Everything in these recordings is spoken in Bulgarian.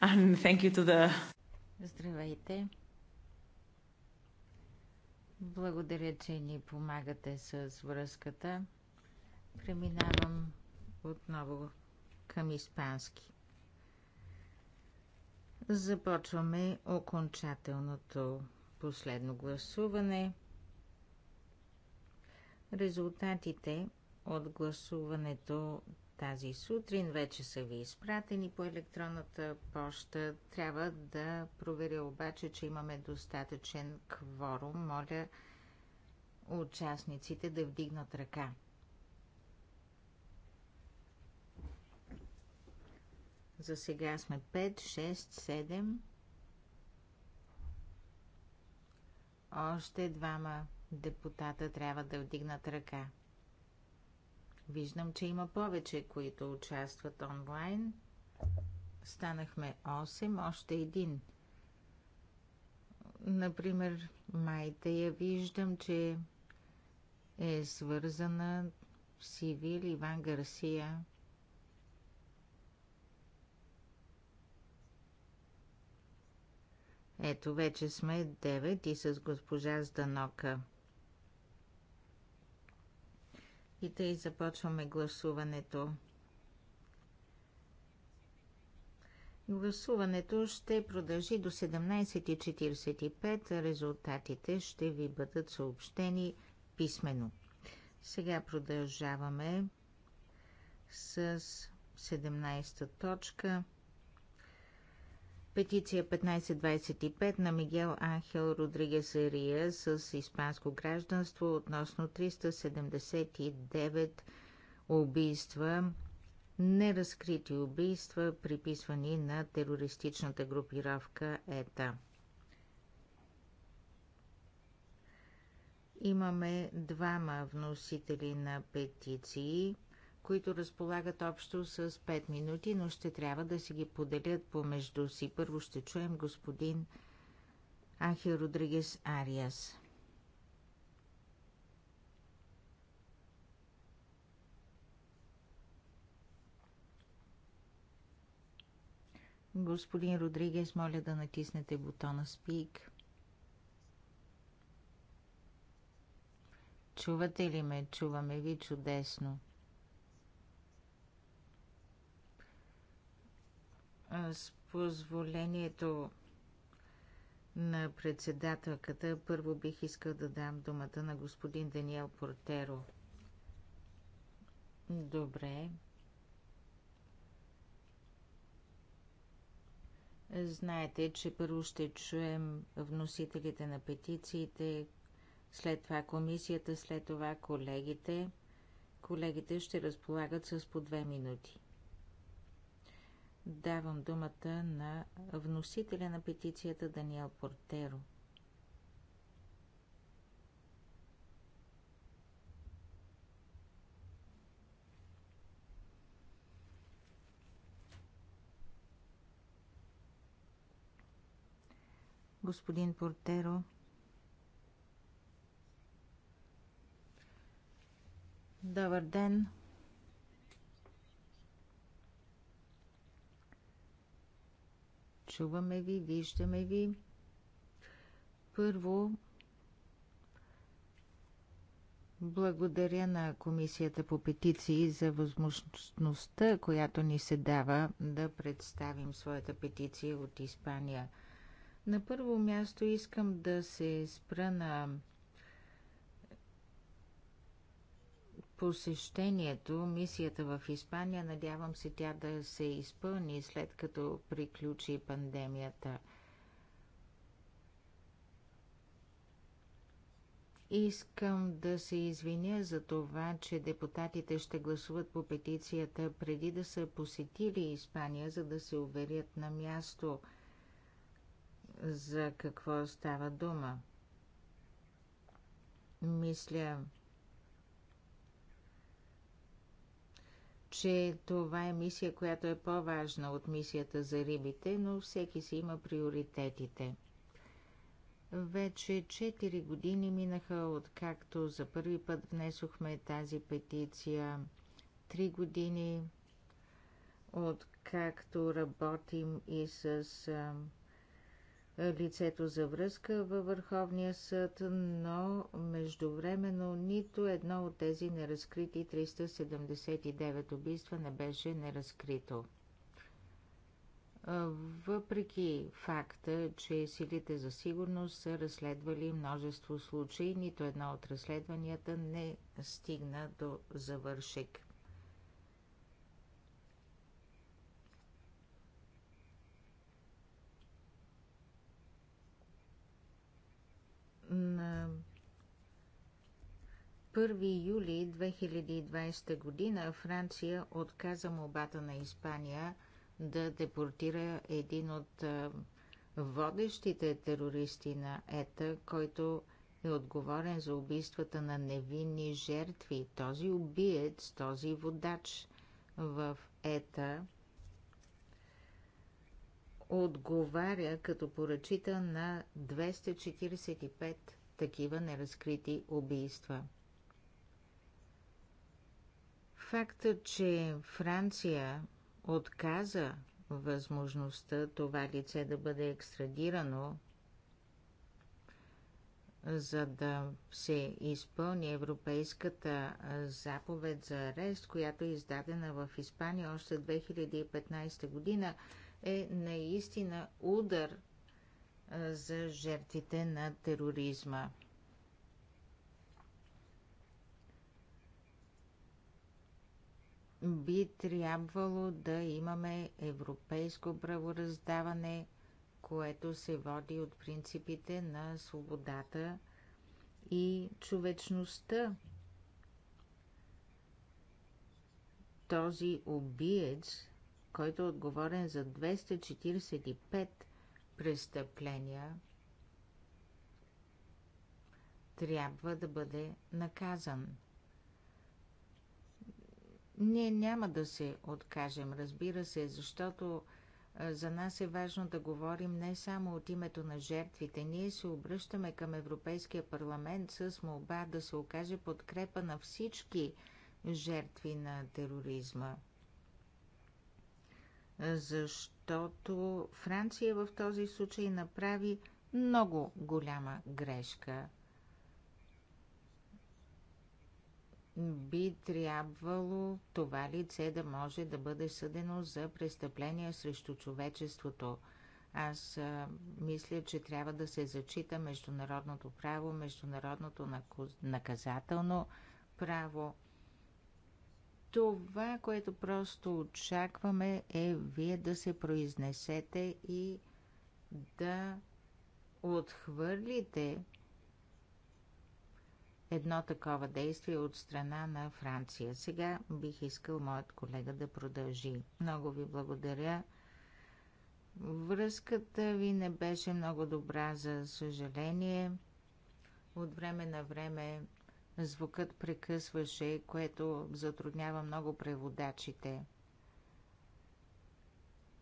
And thank you to the... Здравейте. Благодаря, че ни помагате с връзката. Преминавам отново към испански. Започваме окончателното последно гласуване. Резултатите от гласуването тази сутрин. Вече са ви изпратени по електронната поща. Трябва да проверя обаче, че имаме достатъчен кворум. Моля участниците да вдигнат ръка. За сега сме 5, 6, 7. Още двама депутата трябва да вдигнат ръка. Виждам, че има повече, които участват онлайн. Станахме 8, още един. Например, майта я виждам, че е свързана с Ивил Иван Гарсия. Ето вече сме 9 и с госпожа Зданока. И тъй започваме гласуването. Гласуването ще продължи до 17.45. Резултатите ще ви бъдат съобщени писменно. Сега продължаваме с 17 точка. Петиция 1525 на Мигел Анхел Родригес Рия с испанско гражданство относно 379 убийства, неразкрити убийства, приписвани на терористичната групировка ЕТА. Имаме двама вносители на петиции – които разполагат общо с 5 минути, но ще трябва да си ги поделят помежду си. Първо ще чуем господин Ахил Родригес Ариас. Господин Родригес, моля да натиснете бутона Speak. Чувате ли ме? Чуваме ви чудесно. С позволението на председателката, първо бих искал да дам думата на господин Даниел Портеро. Добре. Знаете, че първо ще чуем вносителите на петициите, след това комисията, след това колегите. Колегите ще разполагат с по две минути. Давам думата на вносителя на петицията Даниел Портеро. Господин Портеро, добър ден! Чуваме ви, виждаме ви. Първо, благодаря на Комисията по петиции за възможността, която ни се дава да представим своята петиция от Испания. На първо място искам да се спра на посещението, мисията в Испания. Надявам се тя да се изпълни след като приключи пандемията. Искам да се извиня за това, че депутатите ще гласуват по петицията преди да са посетили Испания, за да се уверят на място за какво става дума. Мисля, че това е мисия, която е по-важна от мисията за рибите, но всеки си има приоритетите. Вече 4 години минаха откакто за първи път внесохме тази петиция. 3 години откакто работим и с лицето за връзка във Върховния съд, но междувременно нито едно от тези неразкрити 379 убийства не беше неразкрито. Въпреки факта, че силите за сигурност са разследвали множество случаи, нито едно от разследванията не стигна до завършек. На 1 юли 2020 година Франция отказа мобата на Испания да депортира един от водещите терористи на ЕТА, който е отговорен за убийствата на невинни жертви. Този убиец, този водач в ЕТА отговаря като поръчител на 245 такива неразкрити убийства. Факта, че Франция отказа възможността това лице да бъде екстрадирано, за да се изпълни европейската заповед за арест, която е издадена в Испания още 2015 година, е наистина удар за жертвите на тероризма. Би трябвало да имаме европейско правораздаване, което се води от принципите на свободата и човечността. Този убиец който е отговорен за 245 престъпления, трябва да бъде наказан. Ние няма да се откажем, разбира се, защото за нас е важно да говорим не само от името на жертвите. Ние се обръщаме към Европейския парламент с молба да се окаже подкрепа на всички жертви на тероризма защото Франция в този случай направи много голяма грешка. Би трябвало това лице да може да бъде съдено за престъпления срещу човечеството. Аз а, мисля, че трябва да се зачита международното право, международното наказателно право. Това, което просто очакваме е вие да се произнесете и да отхвърлите едно такова действие от страна на Франция. Сега бих искал моят колега да продължи. Много ви благодаря. Връзката ви не беше много добра, за съжаление. От време на време звукът прекъсваше, което затруднява много преводачите.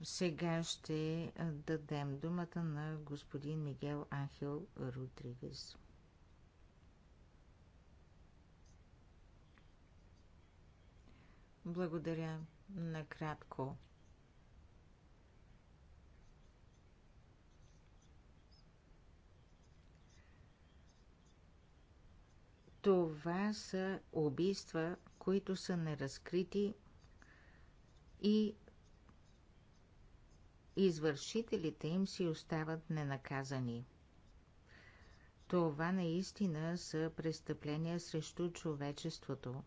Сега ще дадем думата на господин Мигел Анхел Родригес. Благодаря накратко. Това са убийства, които са неразкрити и извършителите им си остават ненаказани. Това наистина са престъпления срещу човечеството.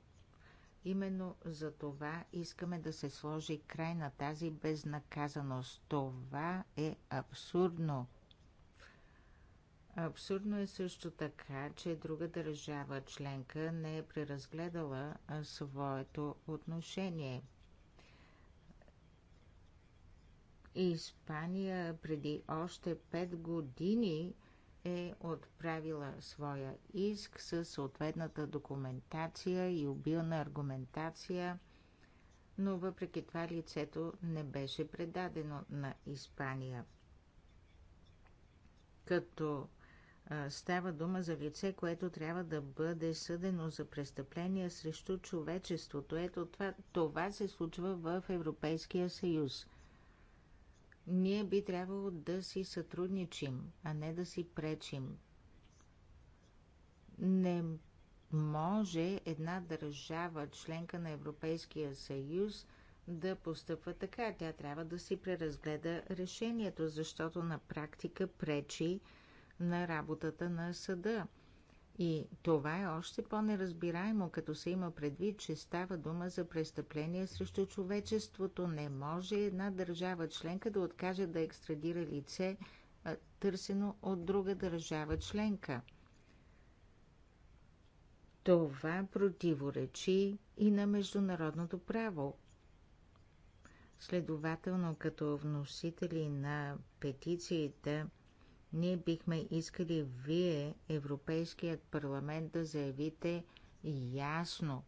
Именно за това искаме да се сложи край на тази безнаказаност. Това е абсурдно. Абсурдно е също така, че друга държава членка не е преразгледала своето отношение. Испания преди още 5 години е отправила своя иск с съответната документация и обилна аргументация, но въпреки това лицето не беше предадено на Испания. Като Става дума за лице, което трябва да бъде съдено за престъпления срещу човечеството. Ето това, това се случва в Европейския съюз. Ние би трябвало да си сътрудничим, а не да си пречим. Не може една държава, членка на Европейския съюз, да постъпва така. Тя трябва да си преразгледа решението, защото на практика пречи на работата на съда. И това е още по-неразбираемо, като се има предвид, че става дума за престъпление срещу човечеството. Не може една държава членка да откаже да екстрадира лице, търсено от друга държава членка. Това противоречи и на международното право. Следователно, като вносители на петициите, ние бихме искали вие, Европейският парламент, да заявите ясно,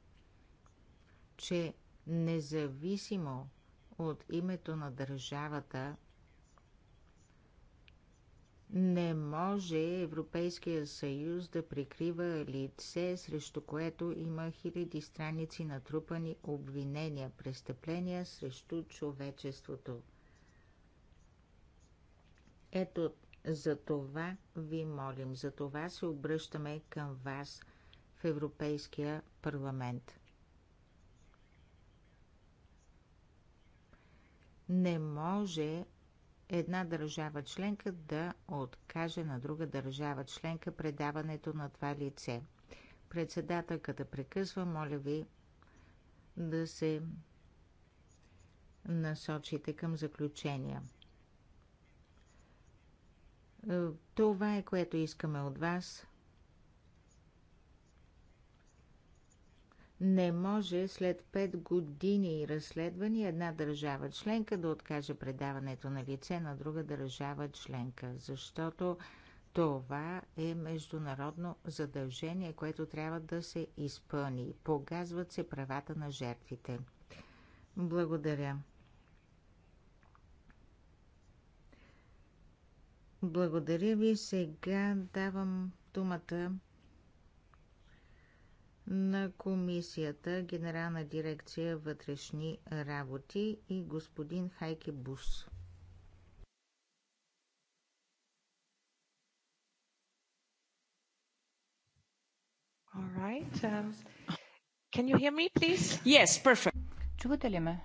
че независимо от името на държавата, не може Европейския съюз да прикрива лице, срещу което има хиляди страници натрупани обвинения, престъпления срещу човечеството. Ето за това ви молим, за това се обръщаме към вас в Европейския парламент. Не може една държава членка да откаже на друга държава членка предаването на това лице. Председателката прекъсва, моля ви да се насочите към заключения. Е, това е което искаме от вас. Не може след 5 години разследвани една държава членка да откаже предаването на лице на друга държава членка, защото това е международно задължение, което трябва да се изпълни. Погазват се правата на жертвите. Благодаря. Благодаря ви. Сега давам думата на комисията Генерална дирекция вътрешни работи и господин Хайке Бус. All right. Um, can you hear me, please? Yes, perfect. Чувате ли ме?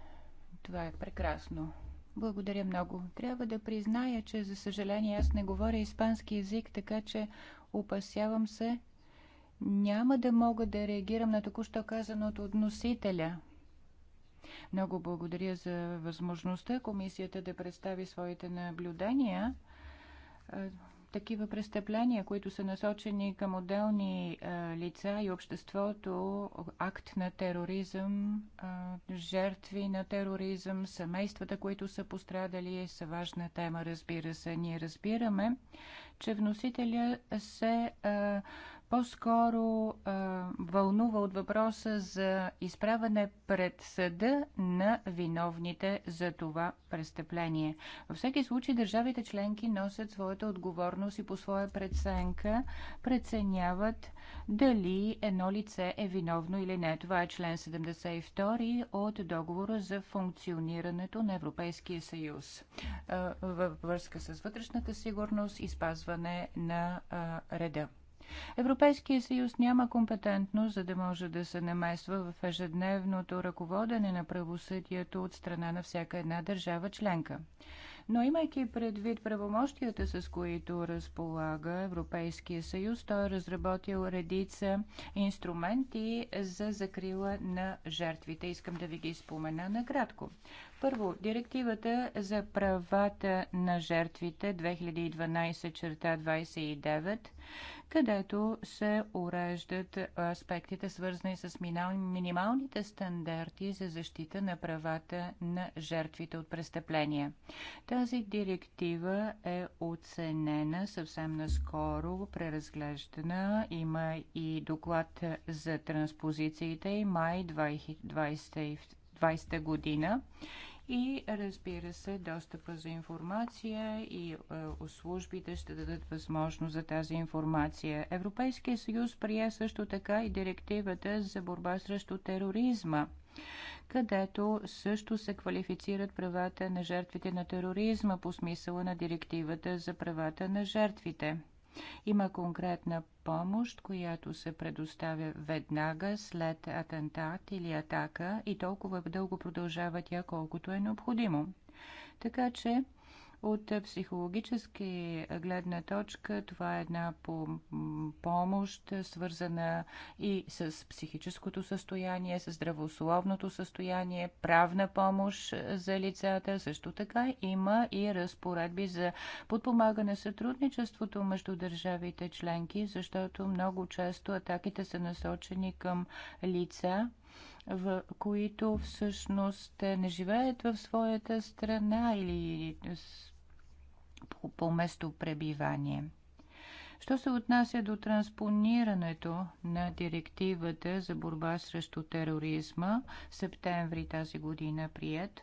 Това е прекрасно. Благодаря много. Трябва да призная, че за съжаление аз не говоря испански язик, така че опасявам се, няма да мога да реагирам на току-що казаното от носителя. Много благодаря за възможността комисията да представи своите наблюдения такива престъпления, които са насочени към отделни е, лица и обществото, акт на тероризъм, е, жертви на тероризъм, семействата, които са пострадали, са важна тема, разбира се. Ние разбираме, че вносителя се е, по-скоро вълнува от въпроса за изправане пред съда на виновните за това престъпление. Във всеки случай държавите членки носят своята отговорност и по своя преценка преценяват дали едно лице е виновно или не. Това е член 72 от договора за функционирането на Европейския съюз във връзка с вътрешната сигурност и спазване на реда. Европейския съюз няма компетентност, за да може да се намесва в ежедневното ръководене на правосъдието от страна на всяка една държава членка. Но имайки предвид правомощията, с които разполага Европейския съюз, той е разработил редица инструменти за закрила на жертвите. Искам да ви ги спомена накратко. Първо, директивата за правата на жертвите 2012 черта 29, където се уреждат аспектите свързани с минималните стандарти за защита на правата на жертвите от престъпления. Тази директива е оценена съвсем наскоро, преразглеждана. Има и доклад за транспозициите и май 2022 2020 година и разбира се, достъпа за информация и е, услужбите ще дадат възможност за тази информация. Европейския съюз прие също така и директивата за борба срещу тероризма където също се квалифицират правата на жертвите на тероризма по смисъла на директивата за правата на жертвите. Има конкретна помощ, която се предоставя веднага след атентат или атака и толкова дълго продължава тя, колкото е необходимо. Така че от психологически гледна точка това е една помощ, свързана и с психическото състояние, с здравословното състояние, правна помощ за лицата. Също така има и разпоредби за подпомагане сътрудничеството между държавите членки, защото много често атаките са насочени към лица, в които всъщност не живеят в своята страна или по, место пребивание. Що се отнася до транспонирането на директивата за борба срещу тероризма, септември тази година прият,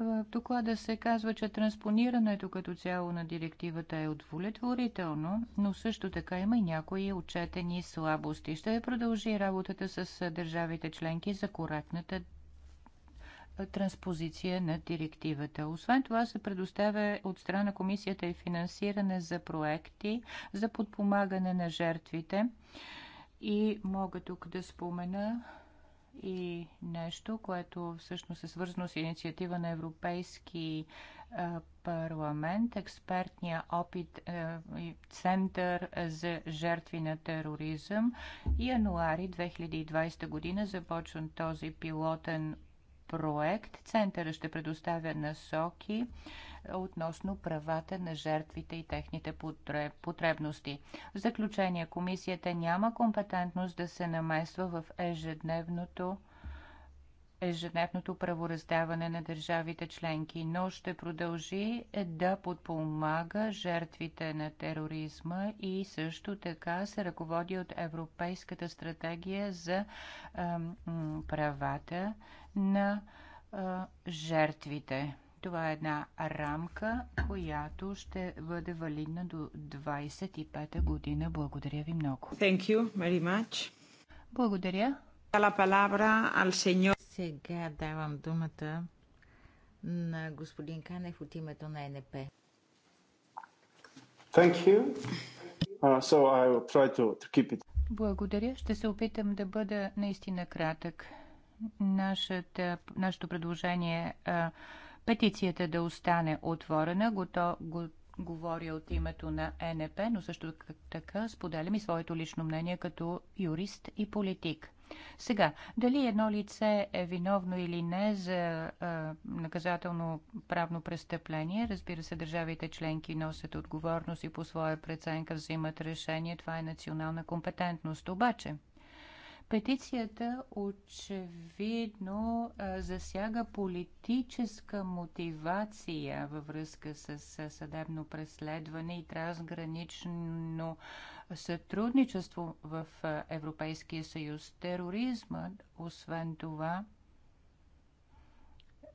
в доклада се казва, че транспонирането като цяло на директивата е удовлетворително, но също така има и някои отчетени слабости. Ще продължи работата с държавите членки за коректната транспозиция на директивата. Освен това се предоставя от страна на комисията и финансиране за проекти за подпомагане на жертвите. И мога тук да спомена и нещо, което всъщност е свързано с инициатива на Европейски парламент, експертния опит и Център за жертви на тероризъм. Януари 2020 година започва този пилотен проект. Центъра ще предоставя насоки относно правата на жертвите и техните потребности. В заключение, комисията няма компетентност да се намесва в ежедневното ежедневното правораздаване на държавите членки, но ще продължи да подпомага жертвите на тероризма и също така се ръководи от Европейската стратегия за правата на жертвите. Това е една рамка, която ще бъде валидна до 25-та година. Благодаря ви много. Thank you very much. Благодаря. Сега давам думата на господин Канев от името на НП. Thank you. Uh, so I will try to, to keep it. Благодаря. Ще се опитам да бъда наистина кратък. Нашата, нашето предложение uh, петицията да остане отворена. Гото, го, говоря от името на НП, но също така споделям и своето лично мнение като юрист и политик. Сега, дали едно лице е виновно или не за а, наказателно правно престъпление, разбира се, държавите членки носят отговорност и по своя преценка взимат решение. Това е национална компетентност. Обаче, Петицията очевидно засяга политическа мотивация във връзка с съдебно преследване и трансгранично сътрудничество в Европейския съюз. Тероризмът, освен това,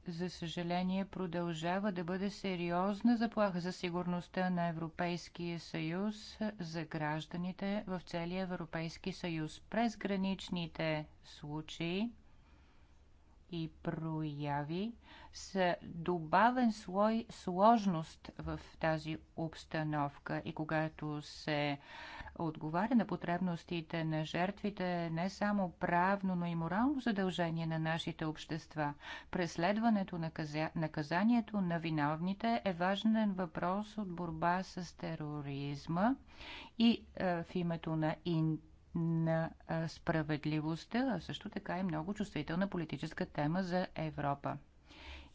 за съжаление, продължава да бъде сериозна заплаха за сигурността на Европейския съюз, за гражданите в целия Европейски съюз. През граничните случаи и прояви с добавен слой сложност в тази обстановка и когато се отговаря на потребностите на жертвите не само правно, но и морално задължение на нашите общества. Преследването, каза... наказанието на виновните е важен въпрос от борба с тероризма и е, в името на ин на е, справедливостта, а също така и много чувствителна политическа тема за Европа.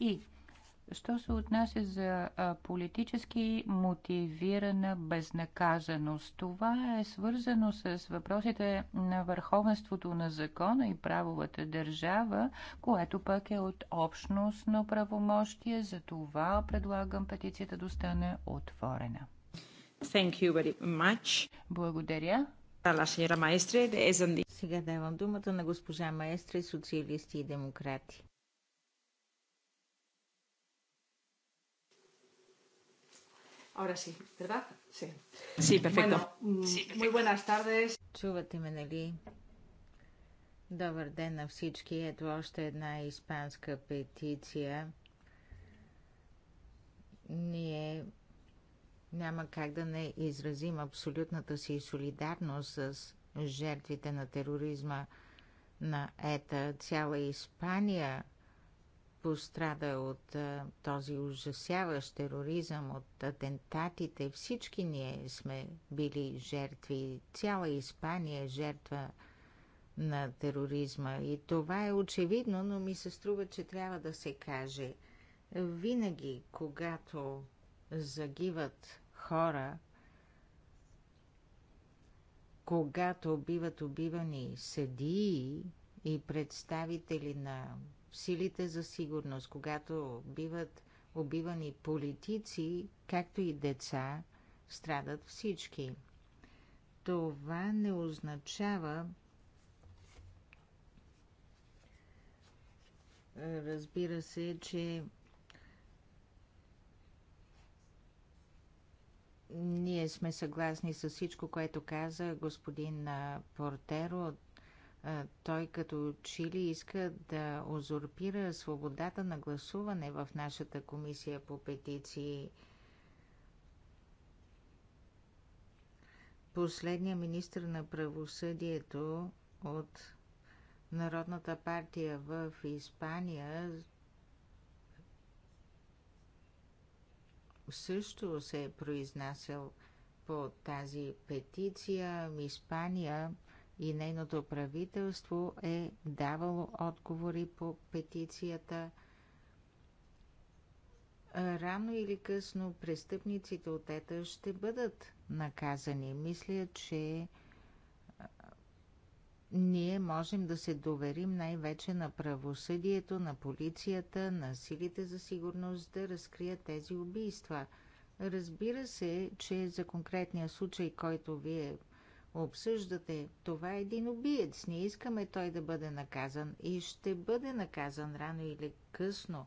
И Що се отнася за политически мотивирана безнаказаност, това е свързано с въпросите на върховенството на закона и правовата държава, което пък е от общностно правомощие. За това предлагам петицията да стане отворена. Thank you very much. Благодаря. Сега давам думата на госпожа Маестре, социалисти и демократи. Ahora sí, ¿verdad? Sí. Sí, perfecto. Bueno, mm, sí, perfecto. Muy buenas tardes. Чувате ме, нали? Добър ден на всички. Ето още една испанска петиция. Ние няма как да не изразим абсолютната си солидарност с жертвите на тероризма на ета. Цяла Испания пострада от а, този ужасяващ тероризъм, от атентатите. Всички ние сме били жертви. Цяла Испания е жертва на тероризма. И това е очевидно, но ми се струва, че трябва да се каже. Винаги, когато загиват хора, когато биват убивани съдии и представители на силите за сигурност, когато биват убивани политици, както и деца, страдат всички. Това не означава, разбира се, че ние сме съгласни с всичко, което каза господин Портеро. Той като Чили иска да узурпира свободата на гласуване в нашата комисия по петиции. Последния министр на правосъдието от Народната партия в Испания също се е произнасял по тази петиция. Испания и нейното правителство е давало отговори по петицията. Рано или късно престъпниците от ета ще бъдат наказани. Мисля, че ние можем да се доверим най-вече на правосъдието, на полицията, на силите за сигурност да разкрият тези убийства. Разбира се, че за конкретния случай, който вие обсъждате. Това е един убиец. Не искаме той да бъде наказан и ще бъде наказан рано или късно.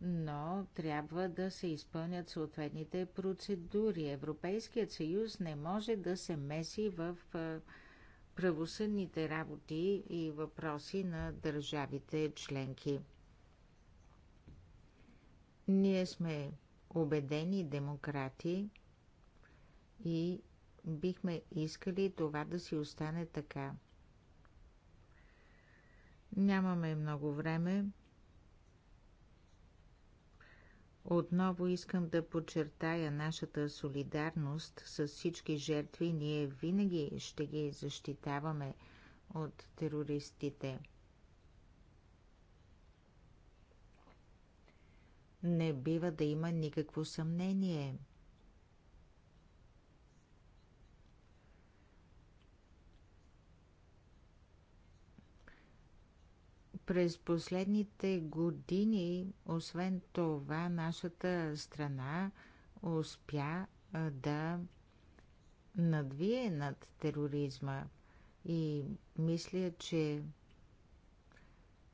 Но трябва да се изпълнят съответните процедури. Европейският съюз не може да се меси в правосъдните работи и въпроси на държавите членки. Ние сме убедени демократи и бихме искали това да си остане така. Нямаме много време. Отново искам да подчертая нашата солидарност с всички жертви. Ние винаги ще ги защитаваме от терористите. Не бива да има никакво съмнение – През последните години, освен това, нашата страна успя да надвие над тероризма и мисля, че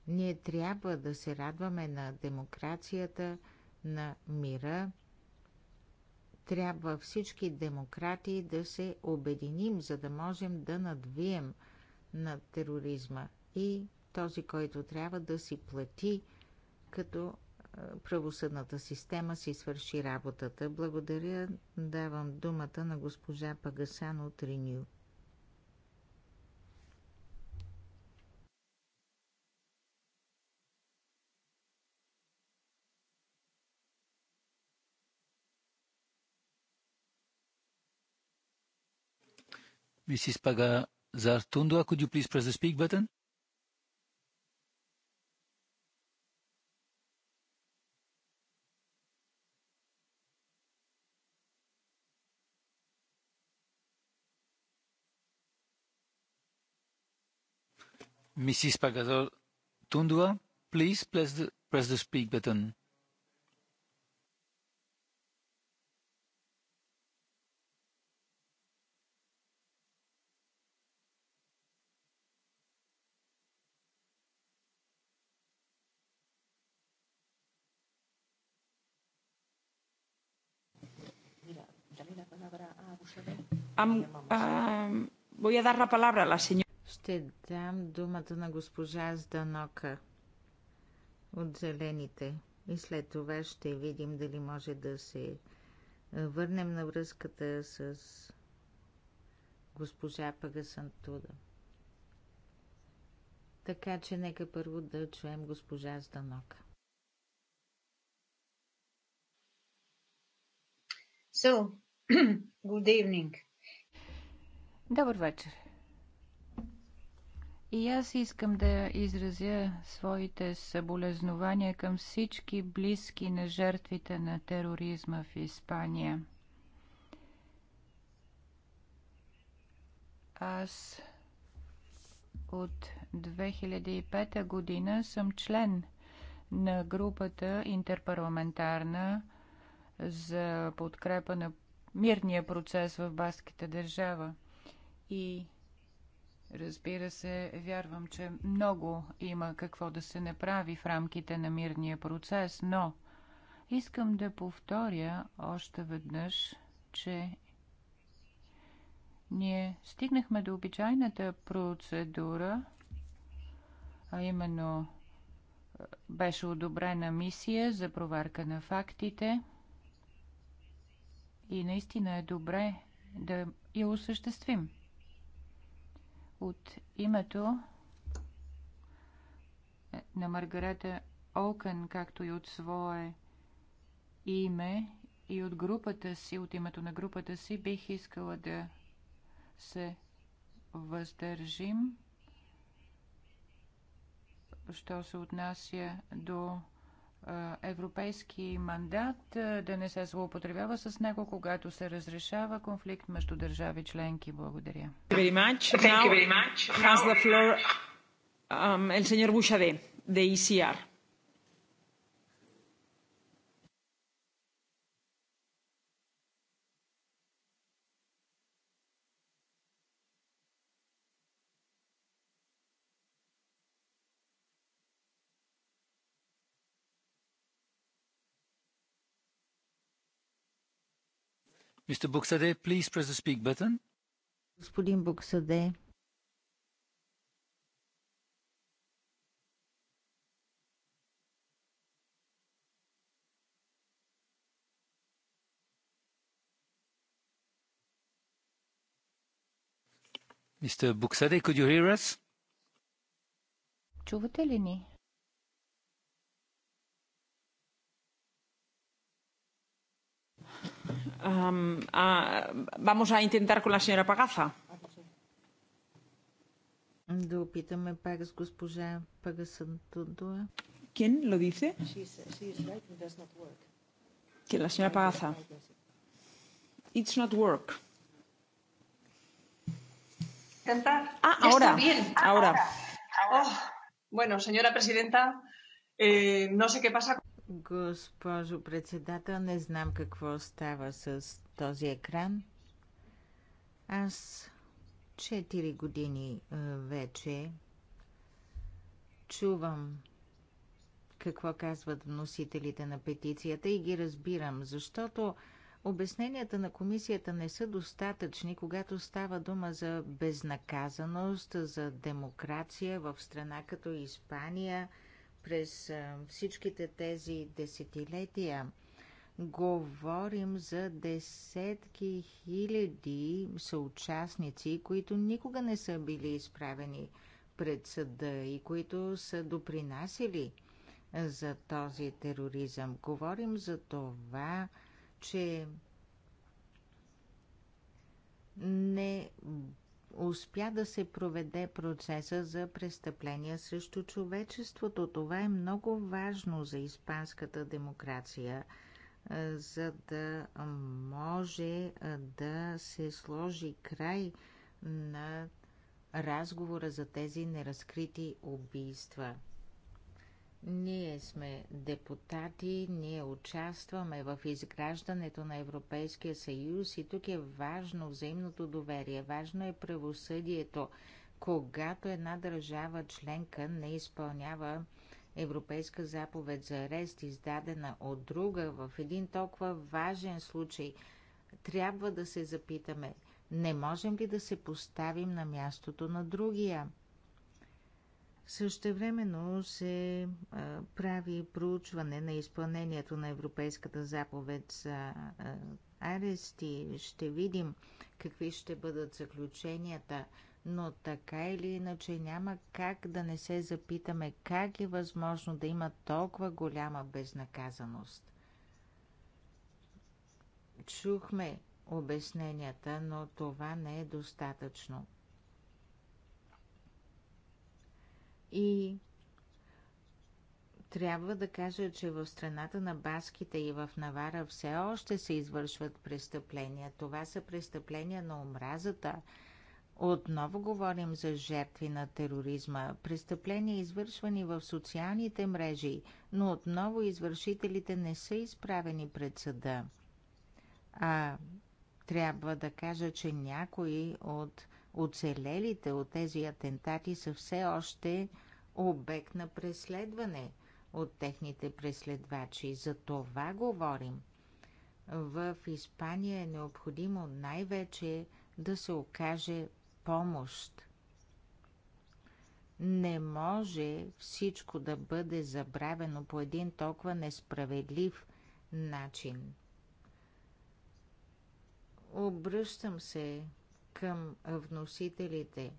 ние трябва да се радваме на демокрацията, на мира. Трябва всички демократи да се обединим, за да можем да надвием над тероризма. И този, който трябва да си плати, като правосъдната система си свърши работата. Благодаря, давам думата на госпожа Пагасан от Реню. Mrs. Paga Zartundo, could you please press the speak button? Mrs. Pagazaurtundua, please press the, press the speak button. voy a dar la palabra a la señora ще дам думата на госпожа Зданока от Зелените и след това ще видим дали може да се върнем на връзката с госпожа Пагасантуда. Така че нека първо да чуем госпожа Зданока. So, good evening. Добър вечер. И аз искам да изразя своите съболезнования към всички близки на жертвите на тероризма в Испания. Аз от 2005 година съм член на групата интерпарламентарна за подкрепа на мирния процес в баските държава. И Разбира се, вярвам, че много има какво да се направи в рамките на мирния процес, но искам да повторя още веднъж, че ние стигнахме до обичайната процедура, а именно е, беше одобрена мисия за проверка на фактите и наистина е добре да я осъществим от името е, на Маргарета Олкън, както и от свое име и от групата си, от името на групата си, бих искала да се въздържим, що се отнася до европейски мандат да не се злоупотребява с него, когато се разрешава конфликт между държави членки. Благодаря. Благодаря. um, el señor Bouchardet, de ICR. E Mr. Buxade, please press the speak button. Господин Буксаде, Mr. Buxade, could you hear us? Чувате ли ни? Um, uh, vamos a intentar con la señora Pagaza. ¿Quién lo dice? Que la señora Pagaza. It's not work. Ah, ahora. Bien. Ahora. ahora. Oh, bueno, señora presidenta, eh, no sé qué pasa. Con... Госпожо председател, не знам какво става с този екран. Аз 4 години е, вече чувам какво казват вносителите на петицията и ги разбирам, защото обясненията на комисията не са достатъчни, когато става дума за безнаказаност, за демокрация в страна като Испания – през всичките тези десетилетия говорим за десетки хиляди съучастници, които никога не са били изправени пред съда и които са допринасили за този тероризъм. Говорим за това, че не успя да се проведе процеса за престъпления срещу човечеството. Това е много важно за испанската демокрация, за да може да се сложи край на разговора за тези неразкрити убийства. Ние сме депутати, ние участваме в изграждането на Европейския съюз и тук е важно взаимното доверие, важно е правосъдието. Когато една държава членка не изпълнява Европейска заповед за арест, издадена от друга, в един толкова важен случай, трябва да се запитаме, не можем ли да се поставим на мястото на другия? Същевременно се а, прави проучване на изпълнението на Европейската заповед за арести. Ще видим какви ще бъдат заключенията, но така или иначе няма как да не се запитаме как е възможно да има толкова голяма безнаказаност. Чухме обясненията, но това не е достатъчно. И трябва да кажа, че в страната на баските и в Навара все още се извършват престъпления. Това са престъпления на омразата. Отново говорим за жертви на тероризма, престъпления извършвани в социалните мрежи, но отново извършителите не са изправени пред съда. А трябва да кажа, че някои от оцелелите от тези атентати са все още обект на преследване от техните преследвачи. За това говорим. В Испания е необходимо най-вече да се окаже помощ. Не може всичко да бъде забравено по един толкова несправедлив начин. Обръщам се към вносителите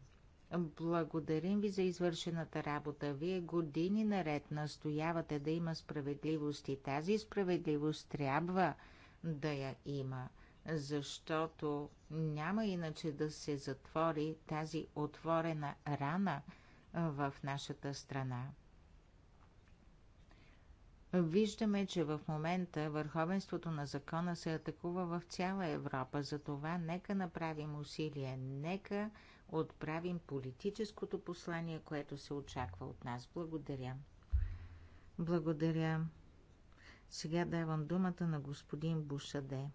Благодарим ви за извършената работа. Вие години наред настоявате да има справедливост и тази справедливост трябва да я има, защото няма иначе да се затвори тази отворена рана в нашата страна. Виждаме, че в момента върховенството на закона се атакува в цяла Европа. Затова нека направим усилие, нека отправим политическото послание, което се очаква от нас. Благодаря. Благодаря. Сега давам думата на господин Бушаде.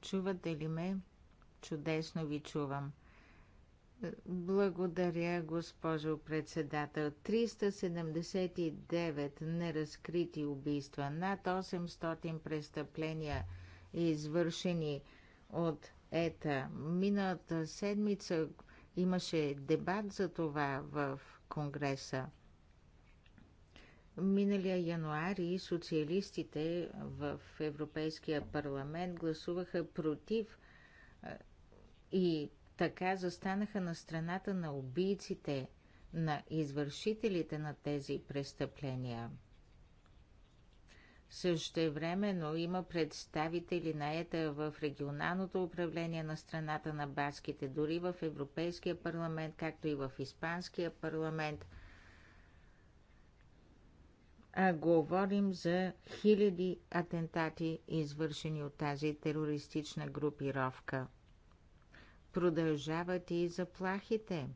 Чувате ли ме? Чудесно ви чувам. Благодаря, госпожо председател. 379 неразкрити убийства, над 800 престъпления извършени от ета. Миналата седмица имаше дебат за това в Конгреса. Миналия януари социалистите в Европейския парламент гласуваха против и така застанаха на страната на убийците, на извършителите на тези престъпления. Същевременно има представители на ЕТА в регионалното управление на страната на баските, дори в Европейския парламент, както и в Испанския парламент. А говорим за хиляди атентати, извършени от тази терористична групировка – Продължават и заплахите.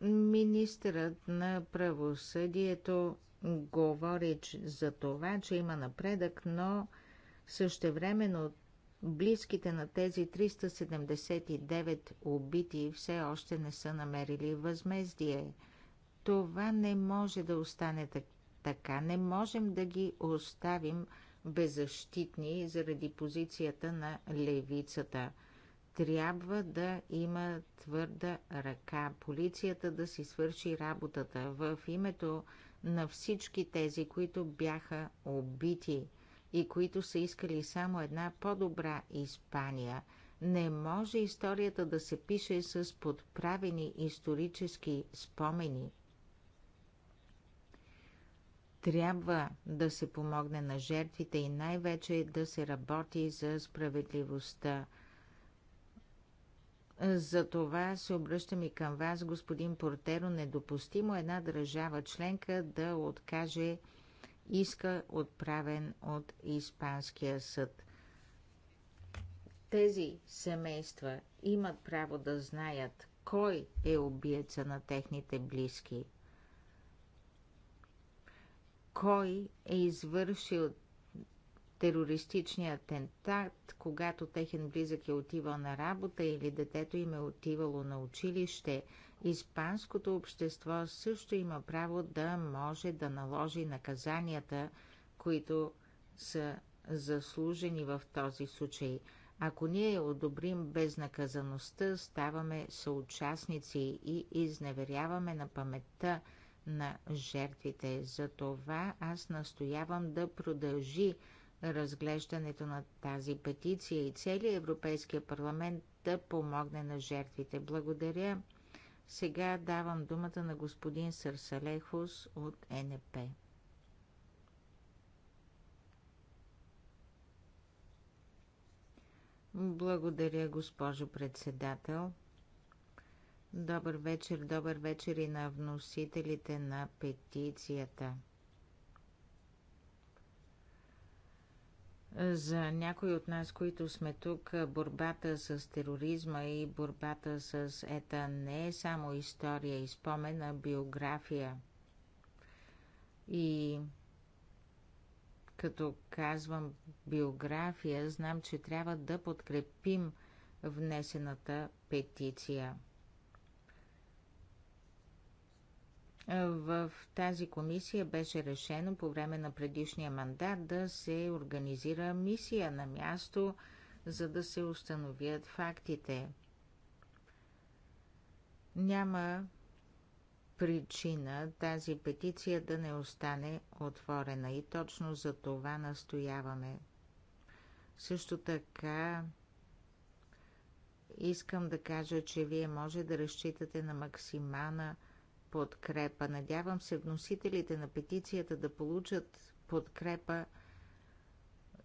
Министърът на правосъдието говори за това, че има напредък, но същевременно близките на тези 379 убити все още не са намерили възмездие. Това не може да остане така. Не можем да ги оставим беззащитни заради позицията на левицата. Трябва да има твърда ръка, полицията да си свърши работата в името на всички тези, които бяха убити и които са искали само една по-добра Испания. Не може историята да се пише с подправени исторически спомени. Трябва да се помогне на жертвите и най-вече да се работи за справедливостта. За това се обръщам и към вас, господин Портеро. Недопустимо е една държава членка да откаже иска отправен от Испанския съд. Тези семейства имат право да знаят кой е убиеца на техните близки – кой е извършил терористичния атентат, когато техен близък е отивал на работа или детето им е отивало на училище. Испанското общество също има право да може да наложи наказанията, които са заслужени в този случай. Ако ние одобрим безнаказаността, ставаме съучастници и изневеряваме на паметта на жертвите. Затова аз настоявам да продължи разглеждането на тази петиция и целият Европейския парламент да помогне на жертвите. Благодаря. Сега давам думата на господин Сърсалехус от НП. Благодаря, госпожо председател. Добър вечер, добър вечер и на вносителите на петицията. За някои от нас, които сме тук, борбата с тероризма и борбата с ета не е само история и спомен, а биография. И като казвам биография, знам, че трябва да подкрепим внесената петиция. В тази комисия беше решено по време на предишния мандат да се организира мисия на място, за да се установят фактите. Няма причина тази петиция да не остане отворена и точно за това настояваме. Също така искам да кажа, че вие може да разчитате на максимална подкрепа. Надявам се вносителите на петицията да получат подкрепа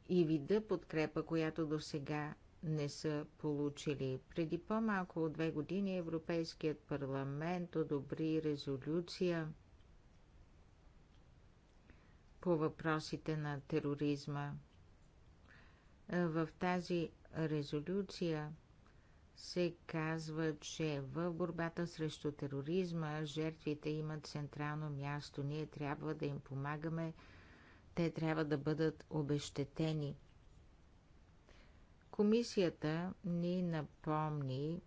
и вида подкрепа, която до сега не са получили. Преди по-малко от две години Европейският парламент одобри резолюция по въпросите на тероризма. В тази резолюция се казва, че в борбата срещу тероризма жертвите имат централно място. Ние трябва да им помагаме. Те трябва да бъдат обещетени. Комисията ни напомни,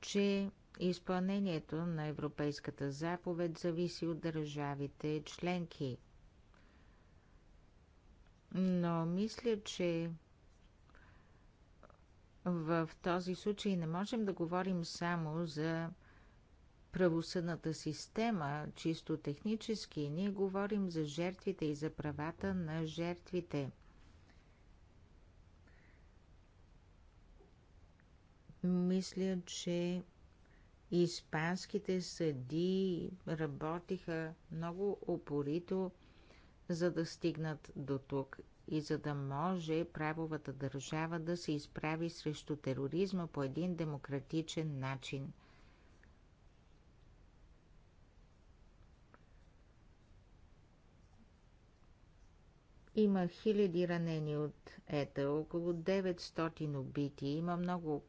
че изпълнението на Европейската заповед зависи от държавите членки. Но мисля, че в този случай не можем да говорим само за правосъдната система, чисто технически. Ние говорим за жертвите и за правата на жертвите. Мисля, че испанските съди работиха много опорито, за да стигнат до тук и за да може правовата държава да се изправи срещу тероризма по един демократичен начин. Има хиляди ранени от ета, около 900 убити. Има много,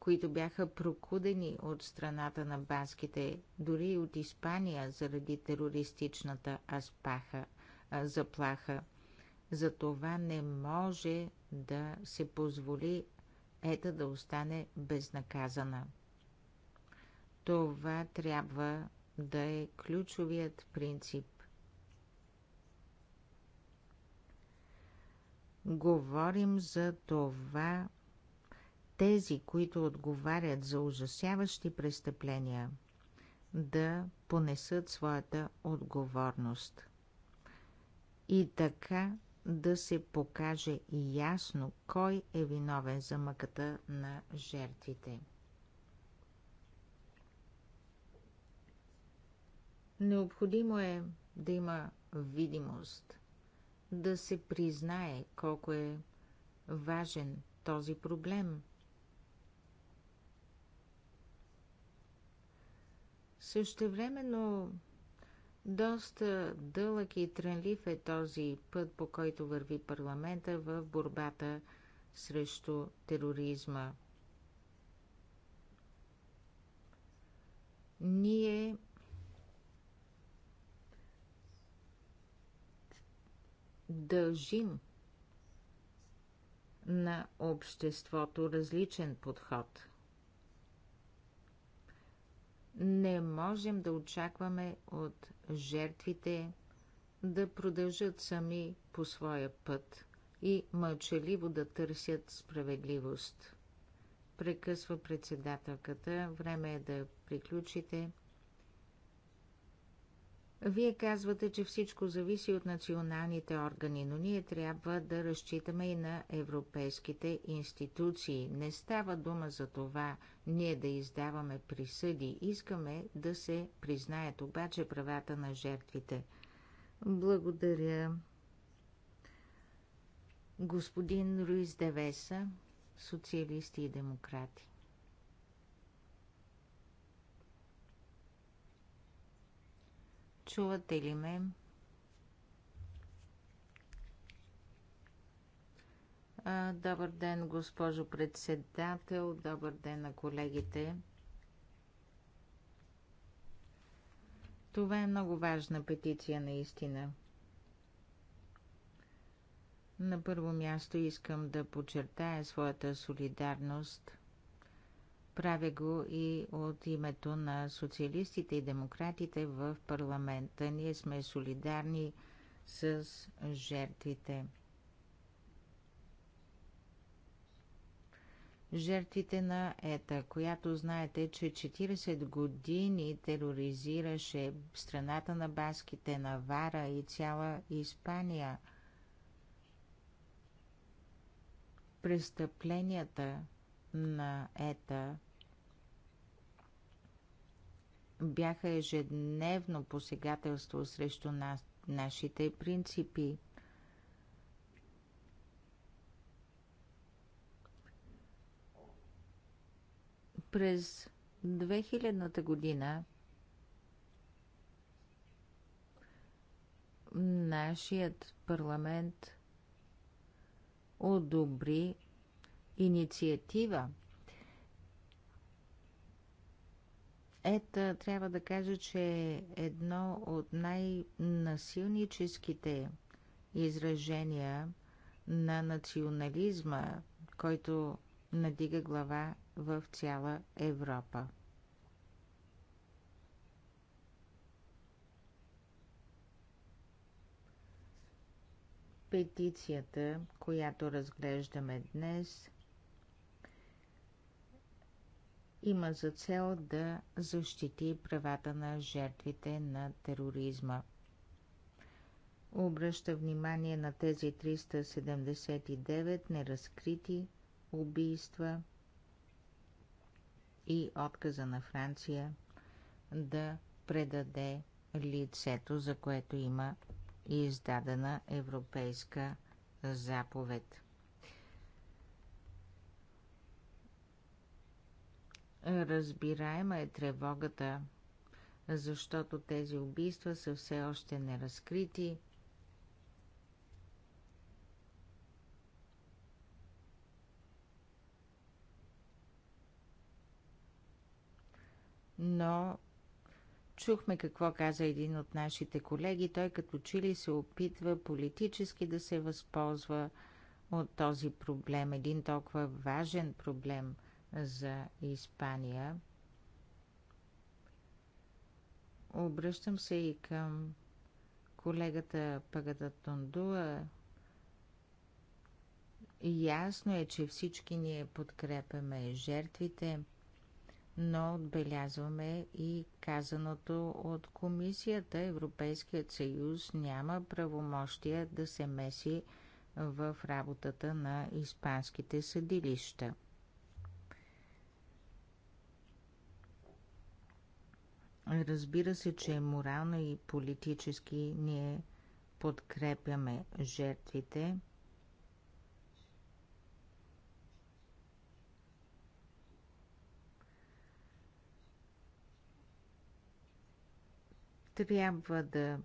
които бяха прокудени от страната на баските, дори от Испания заради терористичната аспаха, а, заплаха. Затова не може да се позволи ета да остане безнаказана. Това трябва да е ключовият принцип. Говорим за това тези, които отговарят за ужасяващи престъпления, да понесат своята отговорност. И така да се покаже ясно кой е виновен за мъката на жертвите. Необходимо е да има видимост, да се признае колко е важен този проблем. Същевременно доста дълъг и трънлив е този път, по който върви парламента в борбата срещу тероризма. Ние дължим на обществото различен подход. Не можем да очакваме от жертвите да продължат сами по своя път и мълчаливо да търсят справедливост. Прекъсва председателката. Време е да приключите. Вие казвате, че всичко зависи от националните органи, но ние трябва да разчитаме и на европейските институции. Не става дума за това ние да издаваме присъди. Искаме да се признаят обаче правата на жертвите. Благодаря. Господин Руис Девеса, социалисти и демократи. Чувате ли ме? Добър ден, госпожо председател. Добър ден на колегите. Това е много важна петиция наистина. На първо място искам да подчертая своята солидарност Правя го и от името на социалистите и демократите в парламента. Ние сме солидарни с жертвите. жертвите на ЕТА, която знаете, че 40 години тероризираше страната на баските, Навара и цяла Испания. Престъпленията на ета бяха ежедневно посегателство срещу нас, нашите принципи. През 2000-та година нашият парламент одобри инициатива. Ета трябва да кажа, че е едно от най-насилническите изражения на национализма, който надига глава в цяла Европа. Петицията, която разглеждаме днес, има за цел да защити правата на жертвите на тероризма. Обръща внимание на тези 379 неразкрити убийства и отказа на Франция да предаде лицето, за което има издадена европейска заповед. Разбираема е тревогата, защото тези убийства са все още неразкрити. Но чухме какво каза един от нашите колеги. Той като че ли се опитва политически да се възползва от този проблем, един толкова важен проблем – за Испания. Обръщам се и към колегата Пагата Тондуа. Ясно е, че всички ние подкрепяме жертвите, но отбелязваме и казаното от комисията. Европейският съюз няма правомощия да се меси в работата на испанските съдилища. Разбира се, че морално и политически ние подкрепяме жертвите. Трябва да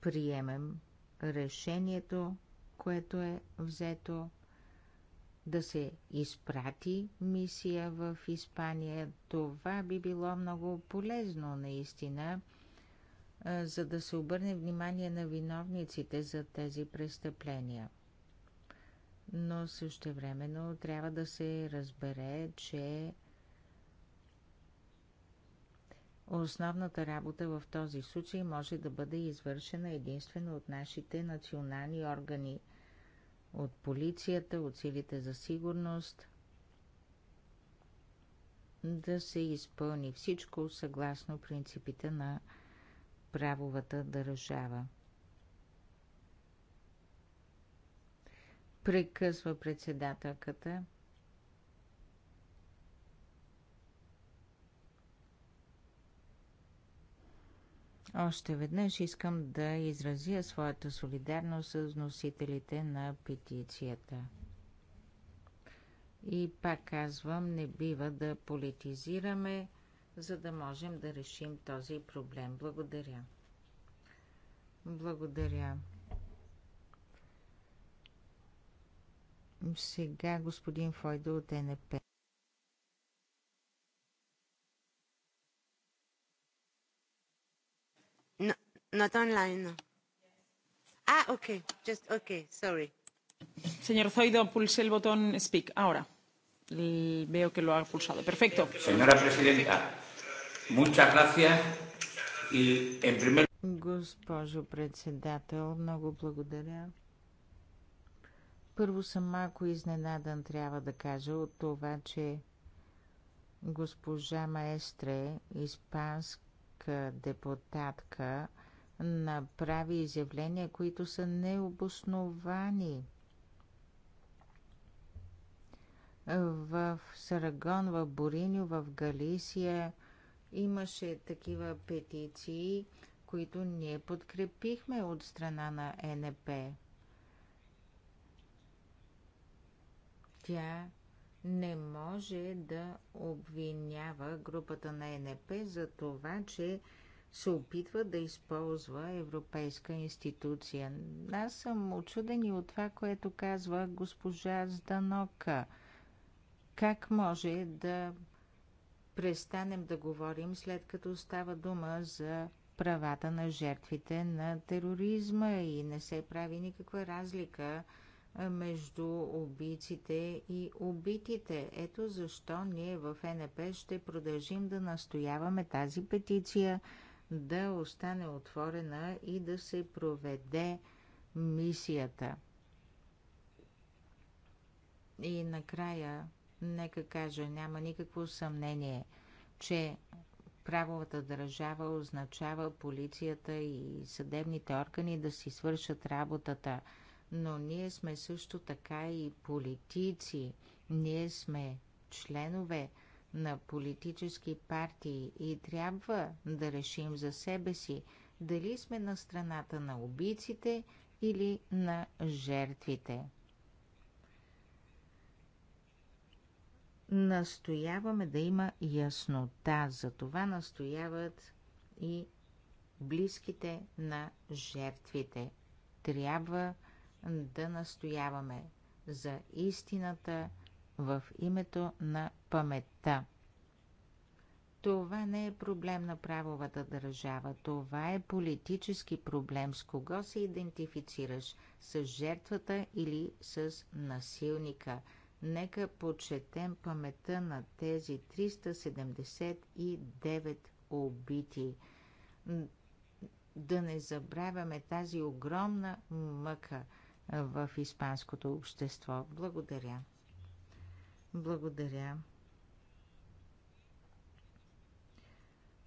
приемем решението, което е взето да се изпрати мисия в Испания. Това би било много полезно наистина, за да се обърне внимание на виновниците за тези престъпления. Но същевременно трябва да се разбере, че Основната работа в този случай може да бъде извършена единствено от нашите национални органи от полицията, от силите за сигурност, да се изпълни всичко съгласно принципите на правовата държава. Прекъсва председателката. Още веднъж искам да изразя своята солидарност с носителите на петицията. И пак казвам, не бива да политизираме, за да можем да решим този проблем. Благодаря. Благодаря. Сега господин Фойдо от НП. Not online. Ah, okay. Just okay. Sorry. Señor Zoido, pulse el botón Speak. Ahora. Veo que lo ha pulsado. Perfecto. Señora presidenta, muchas gracias. Y en primer Госпожо председател, много благодаря. Първо съм малко изненадан, трябва да кажа, от това, че госпожа Маестре, испанска депутатка, направи изявления, които са необосновани. В Сарагон, в Бориню, в Галисия имаше такива петиции, които ние подкрепихме от страна на НП. Тя не може да обвинява групата на НП за това, че се опитва да използва европейска институция. Аз съм очуден и от това, което казва госпожа Зданока. Как може да престанем да говорим, след като става дума за правата на жертвите на тероризма и не се прави никаква разлика между убийците и убитите. Ето защо ние в НП ще продължим да настояваме тази петиция да остане отворена и да се проведе мисията. И накрая, нека кажа, няма никакво съмнение, че правовата държава означава полицията и съдебните органи да си свършат работата. Но ние сме също така и политици. Ние сме членове на политически партии и трябва да решим за себе си дали сме на страната на убийците или на жертвите. Настояваме да има яснота, за това настояват и близките на жертвите. Трябва да настояваме за истината, в името на паметта. Това не е проблем на правовата държава, това е политически проблем с кого се идентифицираш с жертвата или с насилника. Нека почетем паметта на тези 379 убити. Да не забравяме тази огромна мъка в испанското общество. Благодаря. Благодаря.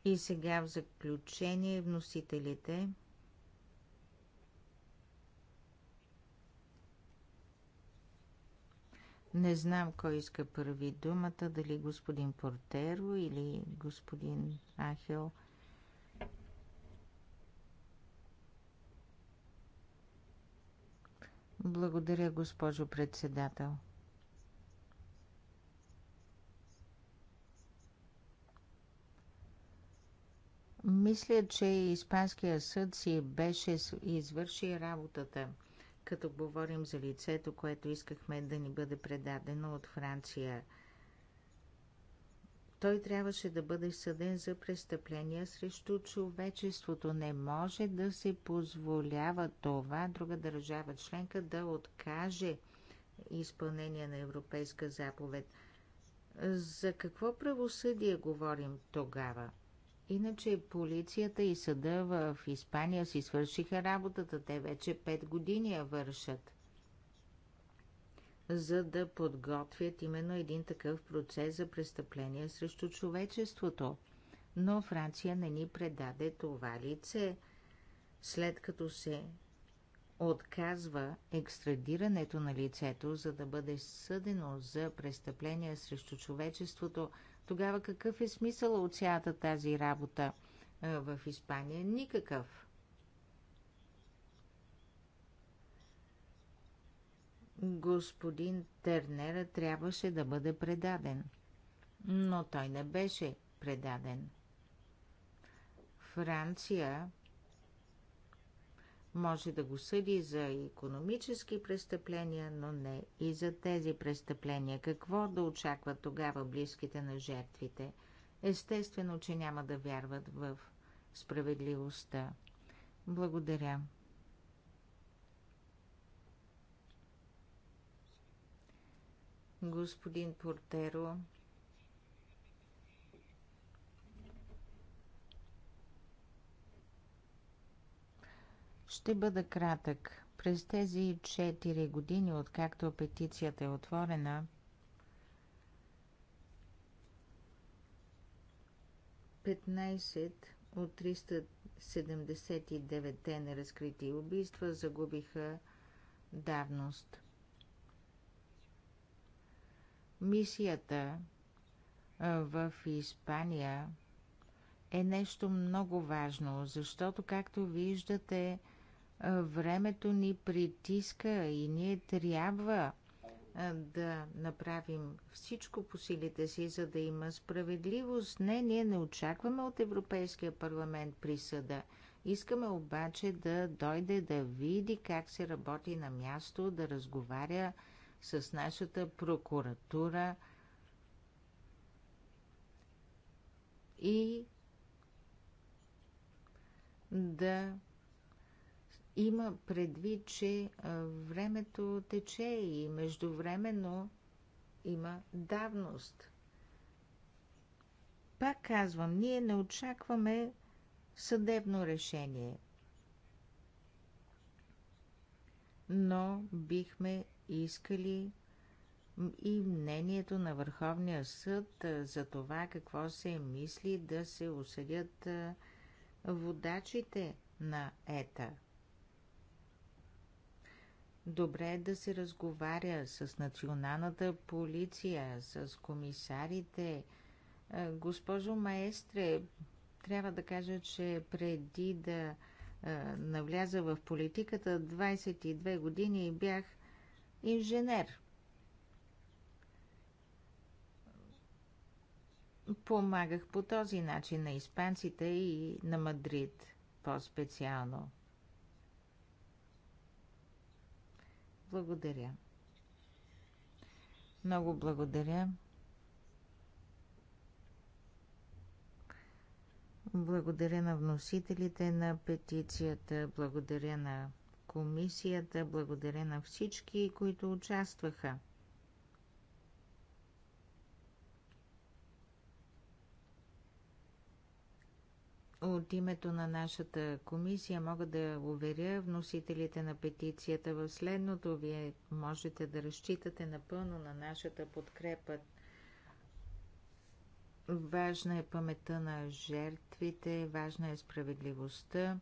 И сега в заключение вносителите. Не знам кой иска първи думата, дали господин Портеро или господин Ахел. Благодаря, госпожо председател. Мисля, че Испанския съд си беше извърши работата, като говорим за лицето, което искахме да ни бъде предадено от Франция. Той трябваше да бъде съден за престъпления срещу човечеството. Не може да се позволява това друга държава членка да откаже изпълнение на европейска заповед. За какво правосъдие говорим тогава? Иначе полицията и съда в Испания си свършиха работата. Те вече 5 години я вършат. За да подготвят именно един такъв процес за престъпление срещу човечеството. Но Франция не ни предаде това лице. След като се отказва екстрадирането на лицето, за да бъде съдено за престъпление срещу човечеството – тогава какъв е смисъла от цялата тази работа в Испания? Никакъв. Господин Тернера трябваше да бъде предаден, но той не беше предаден. Франция може да го съди за економически престъпления, но не и за тези престъпления. Какво да очакват тогава близките на жертвите? Естествено, че няма да вярват в справедливостта. Благодаря. Господин Портеро, Ще бъда кратък. През тези 4 години, откакто петицията е отворена, 15 от 379-те неразкрити убийства загубиха давност. Мисията в Испания е нещо много важно, защото, както виждате, Времето ни притиска и ние трябва да направим всичко по силите си, за да има справедливост. Не, ние не очакваме от Европейския парламент присъда. Искаме обаче да дойде да види как се работи на място, да разговаря с нашата прокуратура и да има предвид, че времето тече и междувременно има давност. Пак казвам, ние не очакваме съдебно решение, но бихме искали и мнението на Върховния съд за това какво се мисли да се осъдят водачите на ета – Добре е да се разговаря с националната полиция, с комисарите. Е, госпожо маестре, трябва да кажа, че преди да е, навляза в политиката, 22 години бях инженер. Помагах по този начин на испанците и на Мадрид по-специално – Благодаря. Много благодаря. Благодаря на вносителите на петицията, благодаря на комисията, благодаря на всички, които участваха. От името на нашата комисия мога да уверя вносителите на петицията в следното. Вие можете да разчитате напълно на нашата подкрепа. Важна е памета на жертвите, важна е справедливостта.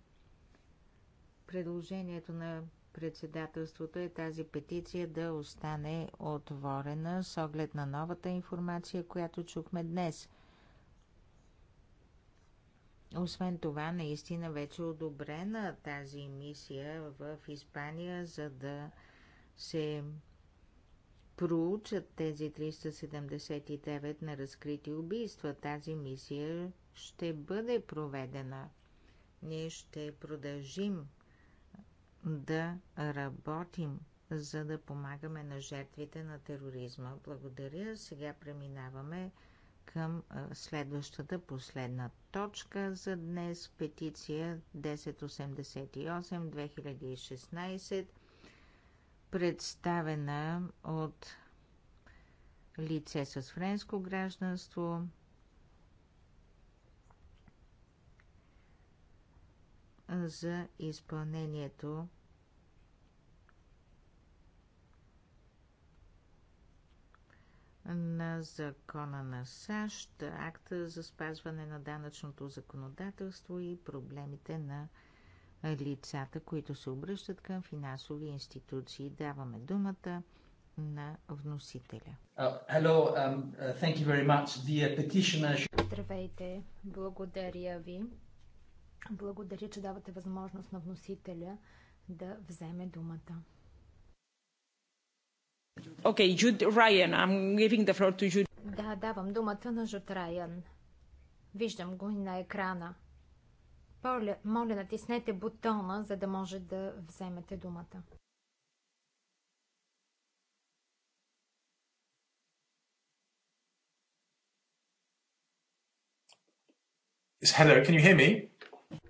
Предложението на председателството е тази петиция да остане отворена с оглед на новата информация, която чухме днес – освен това, наистина вече е одобрена тази мисия в Испания, за да се проучат тези 379 на разкрити убийства. Тази мисия ще бъде проведена. Ние ще продължим да работим, за да помагаме на жертвите на тероризма. Благодаря. Сега преминаваме към следващата последна точка за днес. Петиция 1088-2016, представена от лице с френско гражданство. за изпълнението на закона на САЩ, акта за спазване на данъчното законодателство и проблемите на лицата, които се обръщат към финансови институции. Даваме думата на вносителя. Uh, hello, um, uh, thank you very much. The petitioner... Здравейте, благодаря ви. Благодаря, че давате възможност на вносителя да вземе думата. Okay, Jude Ryan. I'm giving the floor to Jude. Да, давам думата на Жуд Райан. Виждам го на екрана. Моля, моля, натиснете бутона, за да може да вземете думата. Hello, can you hear me?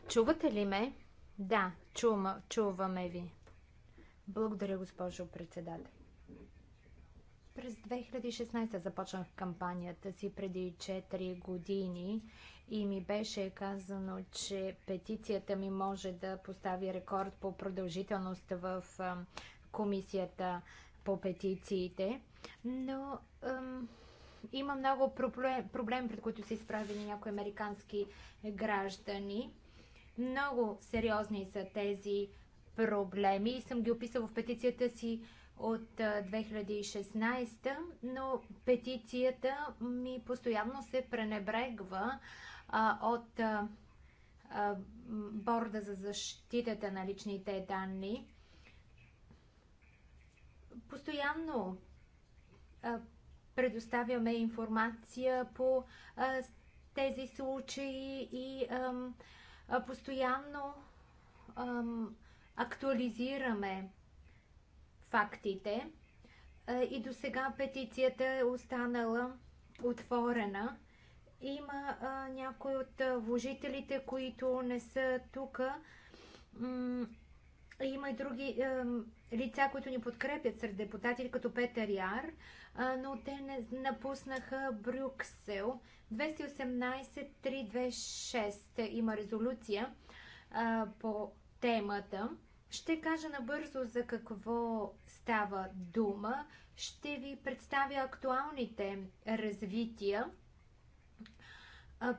Чувате ли ме? Да, чувам, чуваме ви. Благодаря, госпожо председател. През 2016 започнах кампанията си преди 4 години и ми беше казано, че петицията ми може да постави рекорд по продължителност в комисията по петициите. Но ем, има много проблем, проблем, пред които са изправени някои американски граждани. Много сериозни са тези проблеми и съм ги описал в петицията си от 2016, но петицията ми постоянно се пренебрегва а, от а, Борда за защитата на личните данни. Постоянно а, предоставяме информация по а, тези случаи и а, постоянно актуализираме фактите. И до сега петицията е останала отворена. Има някои от вложителите, които не са тук. Има и други а, лица, които ни подкрепят сред депутатите, като Петър Яр, но те не напуснаха Брюксел. 218-326 има резолюция по темата. Ще кажа набързо за какво става дума. Ще ви представя актуалните развития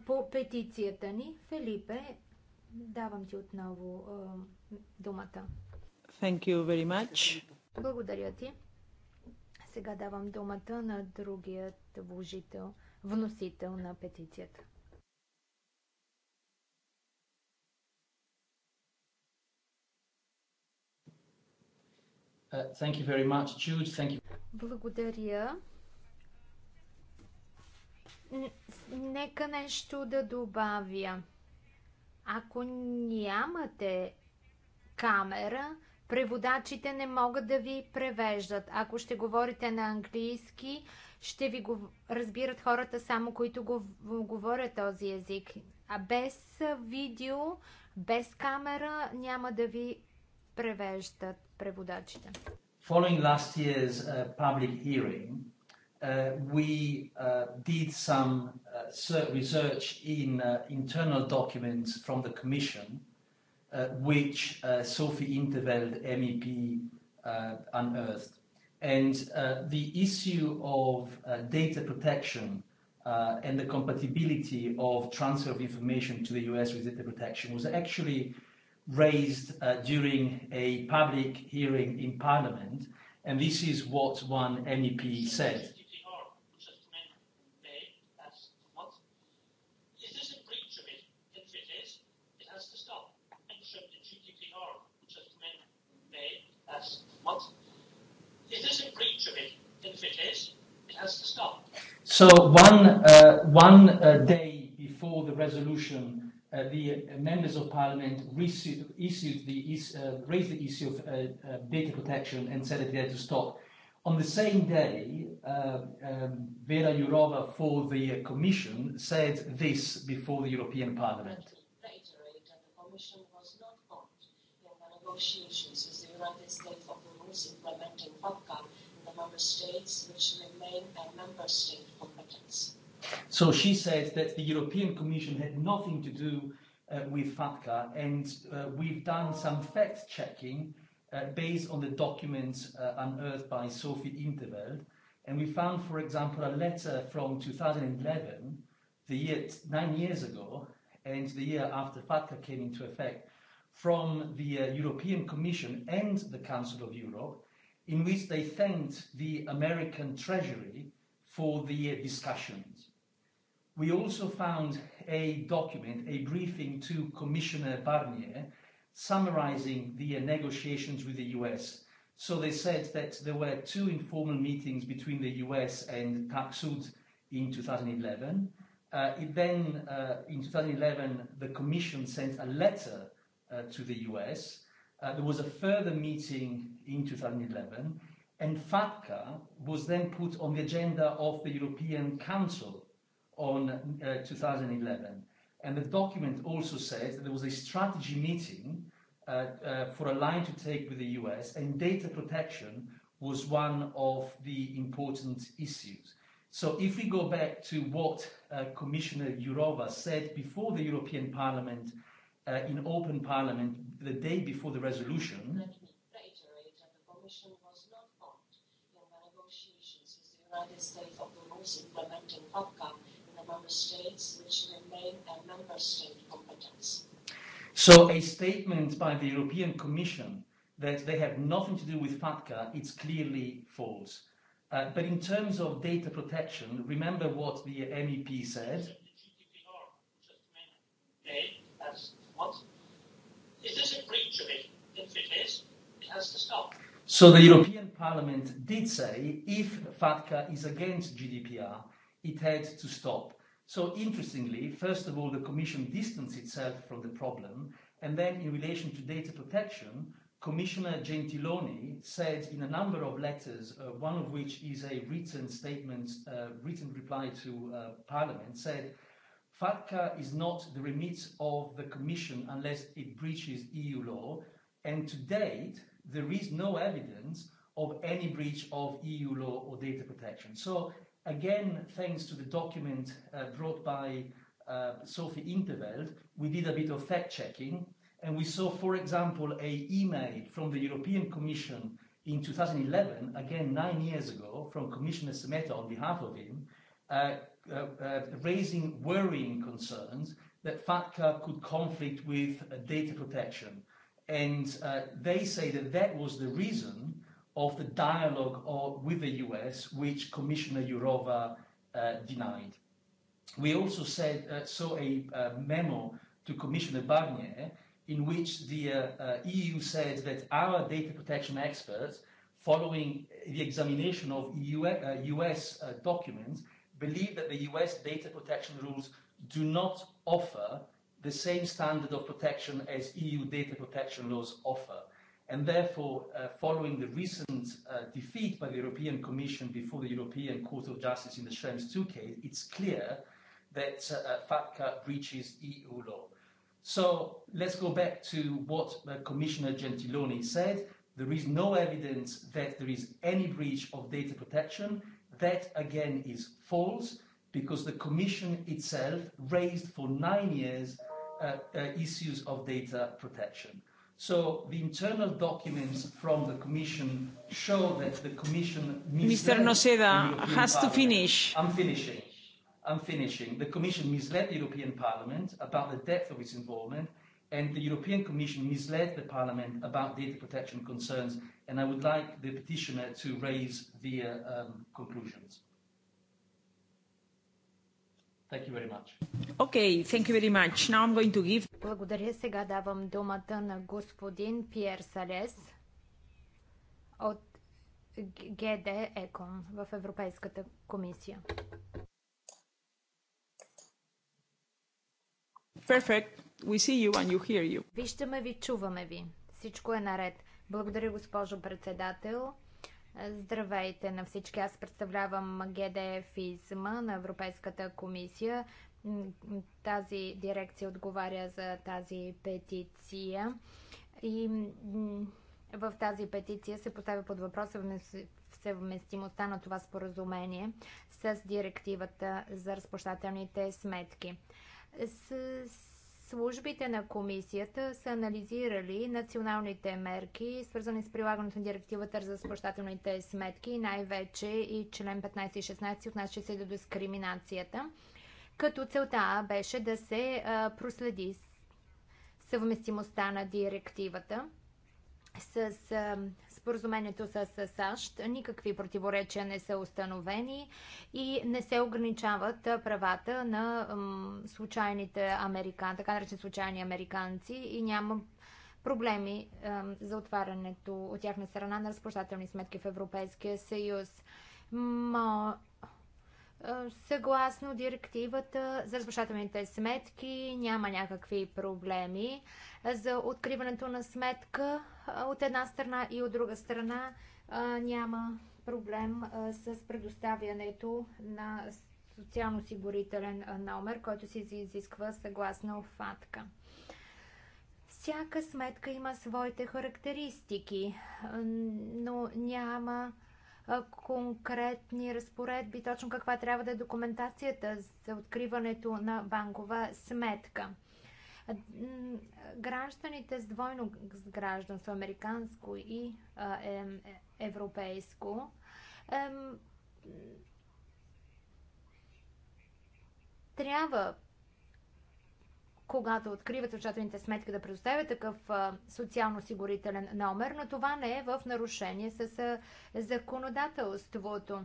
по петицията ни. Фелипе, давам ти отново думата. Thank you very much. Благодаря ти. Сега давам думата на другият вложител, вносител на петицията. Uh, thank you very much, Jude. Thank you. Благодаря. Нека нещо да добавя. Ако нямате камера, преводачите не могат да ви превеждат. Ако ще говорите на английски, ще ви го разбират хората само, които го говорят този език. А без видео, без камера няма да ви превеждат преводачите. Following last year's uh, public hearing, uh, we uh, did some uh, research in uh, internal documents from the Commission, uh, which uh, Sophie Interveld, MEP, uh, unearthed. And uh, the issue of uh, data protection uh, and the compatibility of transfer of information to the US with data protection was actually raised uh, during a public hearing in Parliament, and this is what one MEP said. So one, uh, one uh, day before the resolution the members of parliament issued, issued the, uh, raised the issue of uh, uh, data protection and said that they had to stop. On the same day, uh, um, Vera Jourova for the commission said this before the European Parliament. Reiterate that the commission was not involved in the negotiations with the United States of the rules implementing FATCA in the member states, which remain a member state for So she said that the European Commission had nothing to do uh, with FATCA, and uh, we've done some fact checking uh, based on the documents uh, unearthed by Sophie Interveld, and we found, for example, a letter from 2011, the year nine years ago, and the year after FATCA came into effect, from the uh, European Commission and the Council of Europe, in which they thanked the American Treasury for the uh, discussions we also found a document, a briefing to Commissioner Barnier, summarizing the negotiations with the US. So they said that there were two informal meetings between the US and Taksud in 2011. Uh, it then, uh, in 2011, the Commission sent a letter uh, to the US. Uh, there was a further meeting in 2011, and FATCA was then put on the agenda of the European Council on uh 2011. And the document also says that there was a strategy meeting uh, uh, for a line to take with the US, and data protection was one of the important issues. So if we go back to what uh, Commissioner Jourova said before the European Parliament uh, in open parliament the day before the resolution. Let me reiterate that the Commission was not part in the negotiations with the United States of the rules implementing PAPCA states which remain a member state competence. So a statement by the European Commission that they have nothing to do with FATCA, it's clearly false. Uh, but in terms of data protection, remember what the MEP said. a breach of it. If it is, it has to stop. So the European Parliament did say if FATCA is against GDPR, it had to stop. So interestingly, first of all, the Commission distanced itself from the problem, and then in relation to data protection, Commissioner Gentiloni said in a number of letters, uh, one of which is a written statement, uh, written reply to uh, Parliament, said, FATCA is not the remit of the Commission unless it breaches EU law, and to date, there is no evidence of any breach of EU law or data protection. So Again, thanks to the document uh, brought by uh, Sophie Interveld, we did a bit of fact-checking, and we saw, for example, an email from the European Commission in 2011, again nine years ago, from Commissioner Semeta on behalf of him, uh, uh, uh, raising worrying concerns that FATCA could conflict with uh, data protection. And uh, they say that that was the reason of the dialogue of, with the US, which Commissioner Jourova uh, denied. We also said, uh, saw a a memo to Commissioner Barnier in which the uh, uh, EU said that our data protection experts, following the examination of EU, uh, US uh, documents, believe that the US data protection rules do not offer the same standard of protection as EU data protection laws offer and therefore, following the recent uh defeat by the European Commission before the European Court of Justice in the Schrems II case, it's clear that uh FATCA breaches EU law. So let's go back to what Commissioner Gentiloni said. There is no evidence that there is any breach of data protection. That again is false because the Commission itself raised for nine years uh, uh, issues of data protection. So the internal documents from the Commission show that the Commission Mr. Noceda has to finish. I'm finishing. I'm finishing. The Commission misled the European Parliament about the depth of its involvement, and the European Commission misled the Parliament about data protection concerns. And I would like the petitioner to raise the um, conclusions. Thank you very much. Okay, thank you very much. Now I'm going to give... Благодаря. Сега давам думата на господин Пьер Салес от ГД ЕКОН в Европейската комисия. Perfect. We see you and you hear you. Виждаме ви, чуваме ви. Всичко е наред. Благодаря, госпожо председател. Здравейте на всички! Аз представлявам ГДФИЗМА на Европейската комисия. Тази дирекция отговаря за тази петиция и в тази петиция се поставя под въпроса съвместимостта на това споразумение с директивата за разплащателните сметки. С Службите на комисията са анализирали националните мерки, свързани с прилагането на директивата за разплащателните сметки, най-вече и член 15 и 16, отнася се до дискриминацията, като целта беше да се проследи съвместимостта на директивата с споразумението с САЩ. Никакви противоречия не са установени и не се ограничават правата на случайните американци, така наречени случайни американци и няма проблеми за отварянето от тяхна страна на разплащателни сметки в Европейския съюз. Е, съгласно директивата за разплащателните сметки няма някакви проблеми за откриването на сметка е, от една страна и от друга страна е, няма проблем с предоставянето на социално-осигурителен номер, който се изисква съгласно ФАТКА. Всяка сметка има своите характеристики, но няма конкретни разпоредби, точно каква трябва да е документацията за откриването на банкова сметка. Гражданите с двойно гражданство, американско и е, европейско, трябва когато откриват съобщателните сметки да предоставят такъв социално сигурителен номер, но това не е в нарушение с законодателството.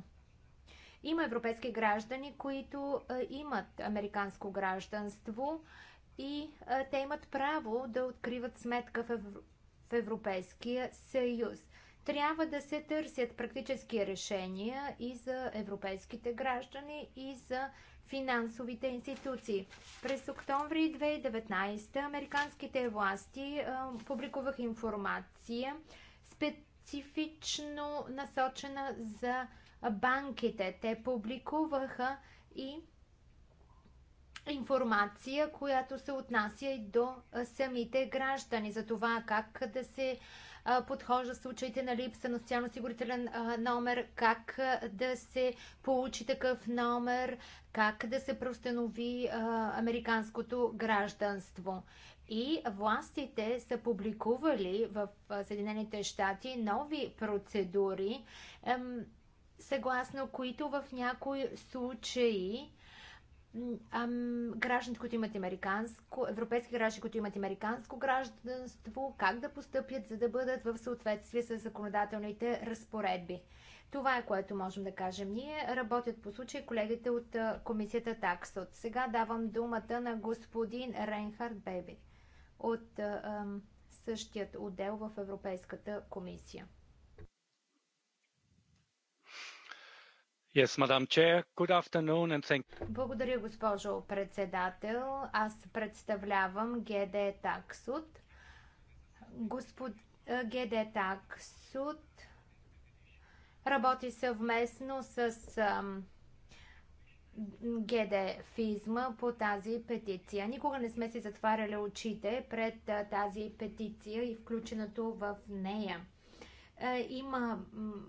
Има европейски граждани, които имат американско гражданство и те имат право да откриват сметка в Европейския съюз. Трябва да се търсят практически решения и за европейските граждани, и за финансовите институции. През октомври 2019 американските власти а, е, публикуваха информация специфично насочена за банките. Те публикуваха и информация, която се отнася и до самите граждани за това как да се подхожда в случаите на липса на социално-осигурителен номер, как да се получи такъв номер, как да се простанови американското гражданство. И властите са публикували в Съединените щати нови процедури, съгласно които в някои случаи ам, гражданите, които имат американско, европейски граждани, които имат американско гражданство, как да постъпят, за да бъдат в съответствие с законодателните разпоредби. Това е което можем да кажем. Ние работят по случай колегите от комисията Таксот. Сега давам думата на господин Рейнхард Беби от ам, същият отдел в Европейската комисия. Yes, Madam Chair. Good afternoon and thank... Благодаря, госпожо председател. Аз представлявам ГД Таксут. Господ... ГД Таксут работи съвместно с ГД Физма по тази петиция. Никога не сме си затваряли очите пред тази петиция и включеното в нея. Е, има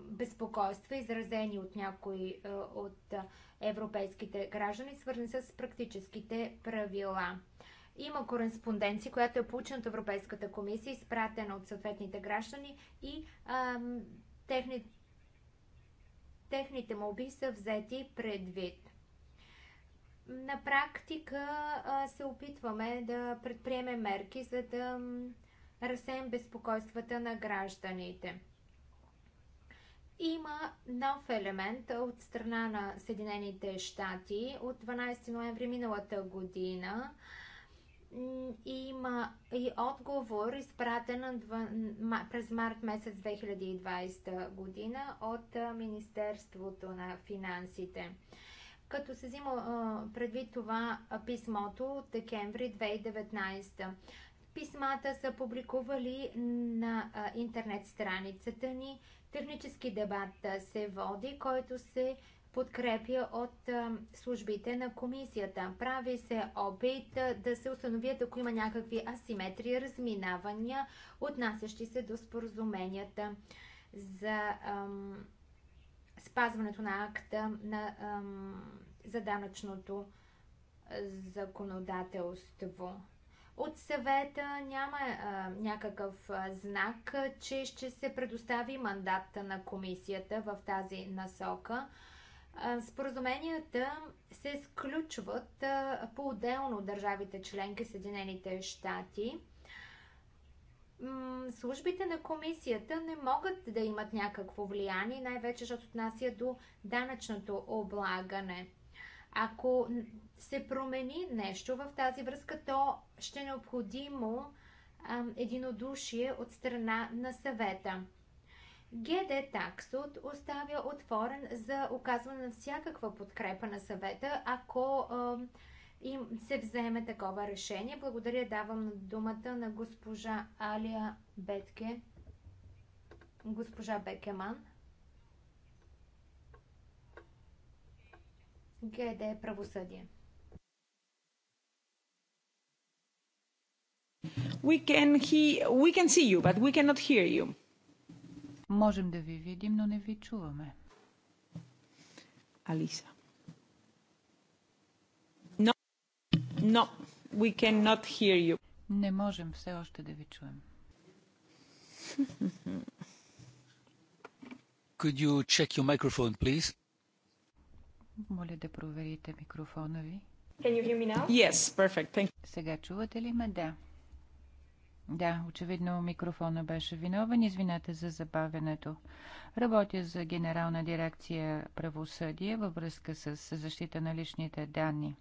безпокойства, изразени от някои е, от е, европейските граждани, свързани с практическите правила. Има кореспонденция, която е получена от Европейската комисия, изпратена от съответните граждани и ам, техни... техните молби са взети предвид. На практика а, се опитваме да предприемем мерки, за да разсеем безпокойствата на гражданите. Има нов елемент от страна на Съединените щати. От 12 ноември миналата година има и отговор, изпратен през март месец 2020 година от Министерството на финансите. Като се взима предвид това писмото от декември 2019 Писмата са публикували на а, интернет страницата ни. Технически дебат се води, който се подкрепя от а, службите на комисията. Прави се опит а, да се установят, ако има някакви асиметрии, разминавания, отнасящи се до споразуменията за ам, спазването на акта на, ам, за данъчното законодателство. От съвета няма а, някакъв а, знак, че ще се предостави мандата на комисията в тази насока. А, споразуменията се сключват по-отделно държавите членки Съединените щати службите на комисията не могат да имат някакво влияние, най-вече защото отнася до данъчното облагане. Ако се промени нещо в тази връзка, то ще е необходимо а, единодушие от страна на съвета. ГД Таксот оставя отворен за оказване на всякаква подкрепа на съвета, ако а, им се вземе такова решение. Благодаря, давам думата на госпожа Алия Бетке, госпожа Бекеман. ГД Правосъдие. We can, he, we can see you, but we cannot hear you. Можем да ви видим, но не ви чуваме. Алиса. No, no, we cannot hear you. Не можем все още да ви чуем. Could you check your microphone, please? Моля да проверите микрофона ви. Can you hear me now? Yes, perfect. Thank you. Сега чувате ли ме? Да. Да, очевидно микрофона беше виновен. Извинете за забавянето. Работя за Генерална дирекция правосъдие във връзка с защита на личните данни.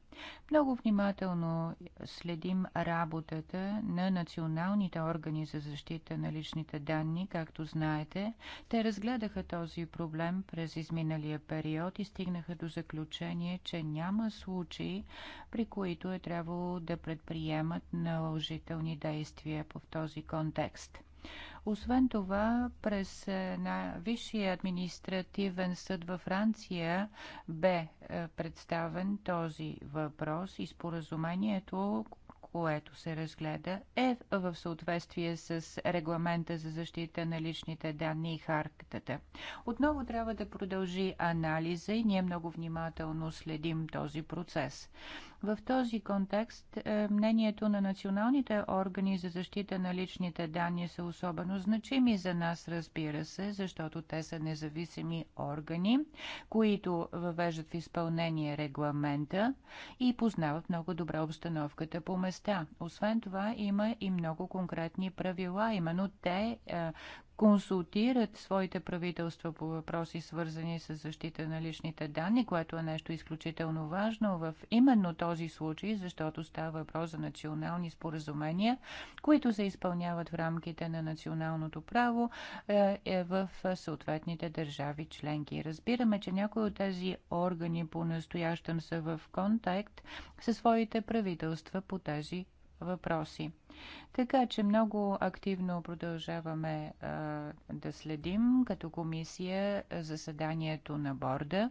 Много внимателно следим работата на националните органи за защита на личните данни. Както знаете, те разгледаха този проблем през изминалия период и стигнаха до заключение, че няма случаи, при които е трябвало да предприемат наложителни действия в този контекст. Освен това, през е, на Висшия административен съд във Франция бе е, представен този въпрос и споразумението, което се разгледа, е в съответствие с регламента за защита на личните данни и хартата. Отново трябва да продължи анализа и ние много внимателно следим този процес. В този контекст е, мнението на националните органи за защита на личните данни са особено значими за нас, разбира се, защото те са независими органи, които въвеждат в изпълнение регламента и познават много добре обстановката по места. Освен това има и много конкретни правила, именно те е, консултират своите правителства по въпроси, свързани с защита на личните данни, което е нещо изключително важно в именно този случай, защото става въпрос за национални споразумения, които се изпълняват в рамките на националното право е, е в съответните държави членки. Разбираме, че някои от тези органи по-настоящем са в контакт със своите правителства по тези въпроси. Така че много активно продължаваме а, да следим като комисия заседанието на борда,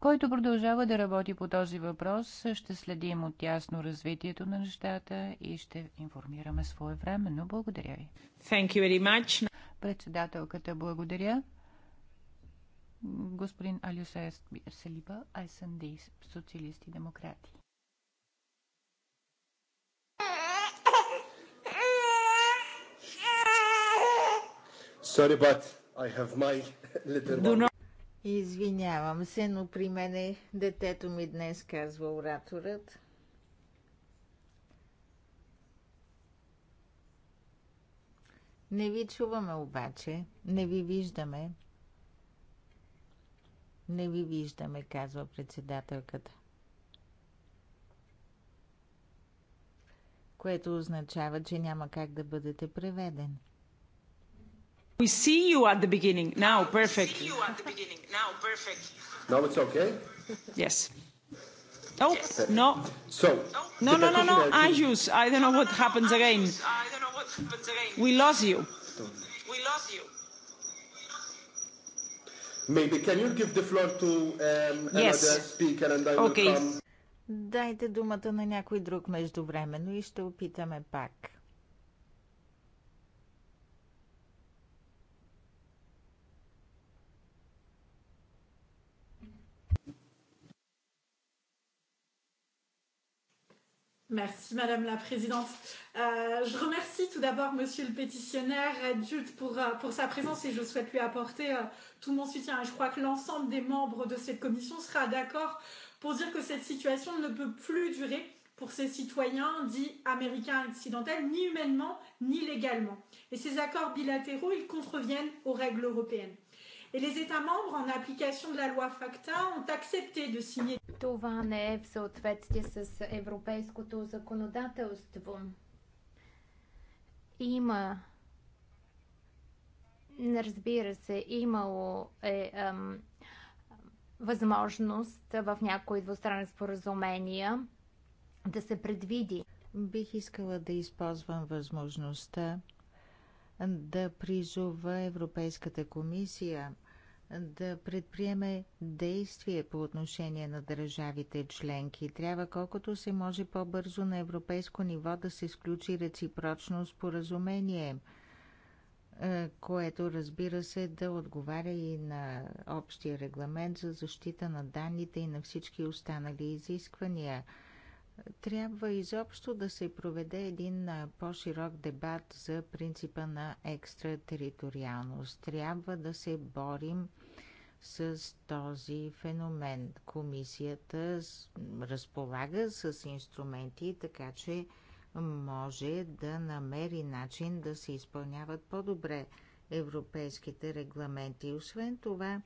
който продължава да работи по този въпрос. Ще следим от тясно развитието на нещата и ще информираме своевременно. Благодаря ви. Thank you very much. Председателката, благодаря. Господин Алюса Селиба, дейс, социалисти и демократи. Sorry, but I have my little one. Извинявам се, но при мен е детето ми днес, казва ораторът. Не ви чуваме обаче, не ви виждаме. Не ви виждаме, казва председателката. Което означава, че няма как да бъдете преведен. We see you at the beginning now. Perfect. We see you at the beginning now. Perfect. Now it's okay? Yes. Oh, yes. no. So, no, no, no, no. Ayus, I don't know what happens again. I don't know what happens again. We lost you. We lost you. Maybe can you give the floor to um, yes. another speaker and I okay. will okay. come. Дайте думата на някой друг междувременно и ще опитаме пак. Merci, Madame la Présidente. Euh, je remercie tout d'abord Monsieur le pétitionnaire Adult pour, pour sa présence et je souhaite lui apporter euh, tout mon soutien. Je crois que l'ensemble des membres de cette commission sera d'accord pour dire que cette situation ne peut plus durer pour ces citoyens dits américains accidentels, ni humainement, ni légalement. Et ces accords bilatéraux, ils contreviennent aux règles européennes. Et les États membres, en application de la loi FACTA, ont accepté de signer. Това не е в съответствие с европейското законодателство. Има Разбира се, имало е, ем, възможност в някои двустранни споразумения да се предвиди. Бих искала да използвам възможността да призова Европейската комисия да предприеме действие по отношение на държавите членки. Трябва колкото се може по-бързо на европейско ниво да се сключи реципрочно споразумение, е, което разбира се да отговаря и на общия регламент за защита на данните и на всички останали изисквания – трябва изобщо да се проведе един по-широк дебат за принципа на екстратериториалност. Трябва да се борим с този феномен. Комисията разполага с инструменти, така че може да намери начин да се изпълняват по-добре европейските регламенти. Освен това,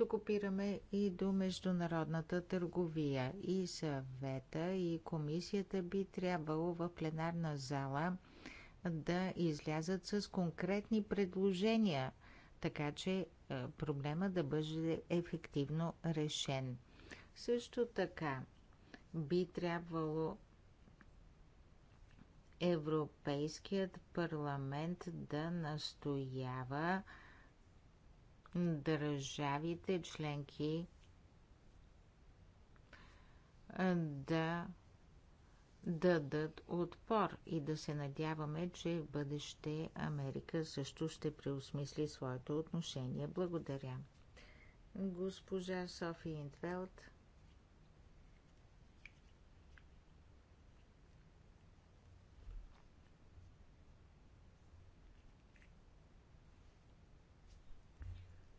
тук опираме и до международната търговия. И съвета, и комисията би трябвало в пленарна зала да излязат с конкретни предложения, така че е, проблема да бъде ефективно решен. Също така би трябвало Европейският парламент да настоява държавите членки да дадат отпор и да се надяваме, че в бъдеще Америка също ще преосмисли своето отношение. Благодаря. Госпожа София Интвелт.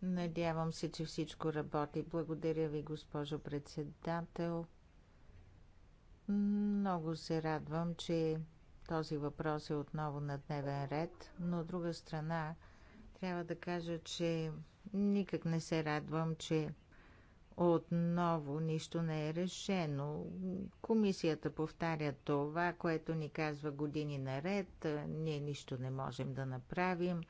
Надявам се, че всичко работи. Благодаря ви, госпожо председател. Много се радвам, че този въпрос е отново на дневен ред, но от друга страна трябва да кажа, че никак не се радвам, че отново нищо не е решено. Комисията повтаря това, което ни казва години наред. Ние нищо не можем да направим.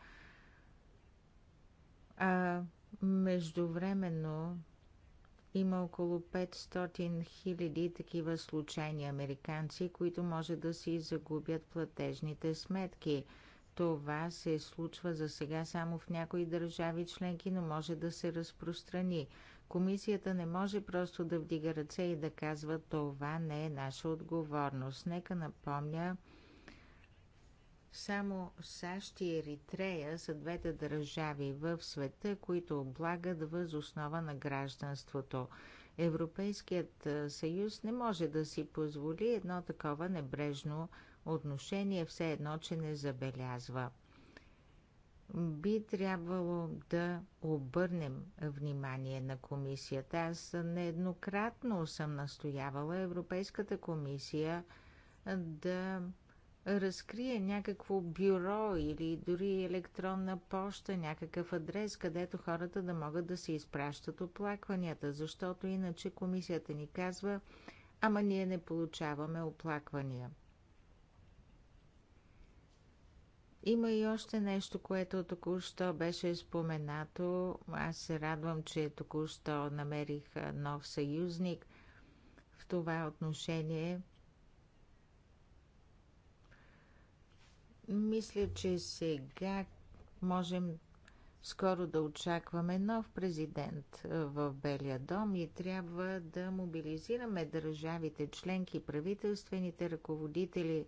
А междувременно има около 500 хиляди такива случайни американци, които може да си загубят платежните сметки. Това се случва за сега само в някои държави членки, но може да се разпространи. Комисията не може просто да вдига ръце и да казва това не е наша отговорност. Нека напомня само САЩ и Еритрея са двете държави в света, които облагат въз основа на гражданството. Европейският съюз не може да си позволи едно такова небрежно отношение, все едно, че не забелязва. Би трябвало да обърнем внимание на комисията. Аз нееднократно съм настоявала Европейската комисия да разкрие някакво бюро или дори електронна поща, някакъв адрес, където хората да могат да се изпращат оплакванията, защото иначе комисията ни казва, ама ние не получаваме оплаквания. Има и още нещо, което току-що беше споменато. Аз се радвам, че току-що намерих нов съюзник в това отношение – Мисля, че сега можем скоро да очакваме нов президент в Белия дом и трябва да мобилизираме държавите, членки, правителствените ръководители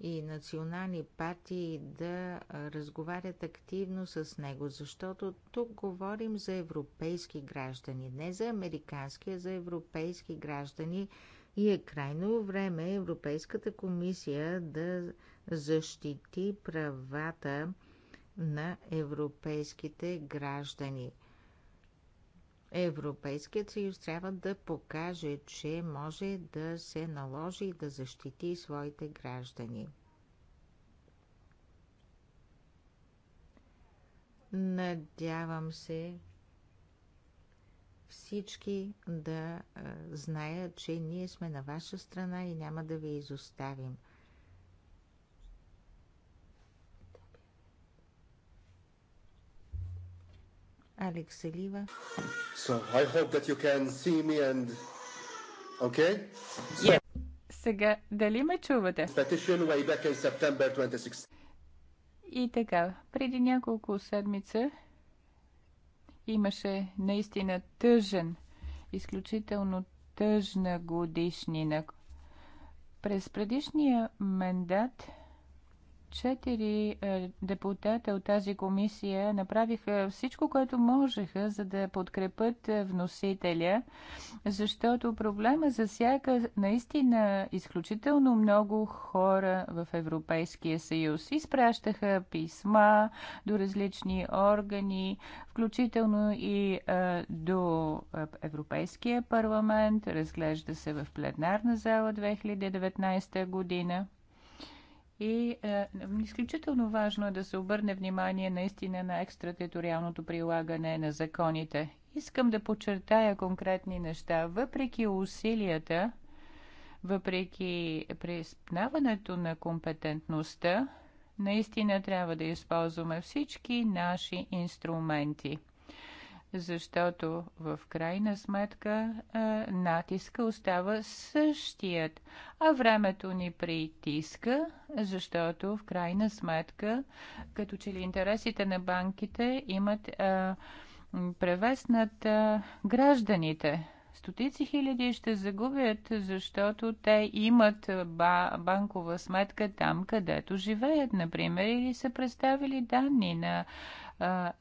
и национални партии да разговарят активно с него, защото тук говорим за европейски граждани, не за американски, а за европейски граждани и е крайно време Европейската комисия да защити правата на европейските граждани. Европейският съюз трябва да покаже, че може да се наложи и да защити своите граждани. Надявам се всички да знаят, че ние сме на ваша страна и няма да ви изоставим – Алекс Елива. So I hope that you can see me and... Okay? So... Yeah. Сега, дали ме чувате? Petition way back in September И така, преди няколко седмица имаше наистина тъжен, изключително тъжна годишнина. През предишния мандат четири е, депутата от тази комисия направиха всичко, което можеха, за да подкрепят е, вносителя, защото проблема засяга наистина изключително много хора в Европейския съюз. Изпращаха писма до различни органи, включително и е, до Европейския парламент. Разглежда се в пленарна зала 2019 година. И е, изключително важно е да се обърне внимание наистина на екстратериториалното прилагане на законите. Искам да подчертая конкретни неща. Въпреки усилията, въпреки приспнаването на компетентността, наистина трябва да използваме всички наши инструменти – защото в крайна сметка натиска остава същият, а времето ни притиска, защото в крайна сметка, като че ли интересите на банките имат превес над гражданите. Стотици хиляди ще загубят, защото те имат ба- банкова сметка там, където живеят, например, или са представили данни на а,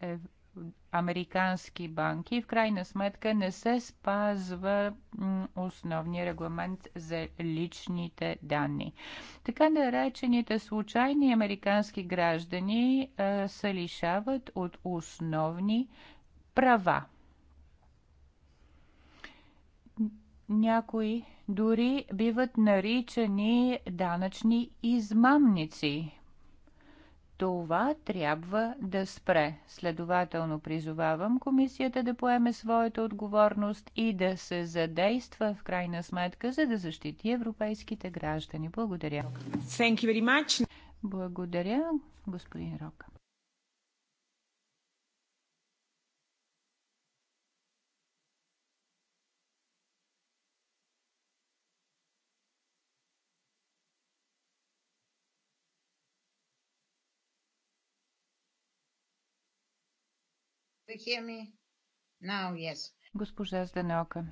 американски банки в крайна сметка не се спазва основния регламент за личните данни. Така наречените да случайни американски граждани а, се лишават от основни права. Някои дори биват наричани данъчни измамници това трябва да спре. Следователно призовавам комисията да поеме своята отговорност и да се задейства в крайна сметка, за да защити европейските граждани. Благодаря. Thank you very much. Благодаря, господин Рок. Госпожа Зданока.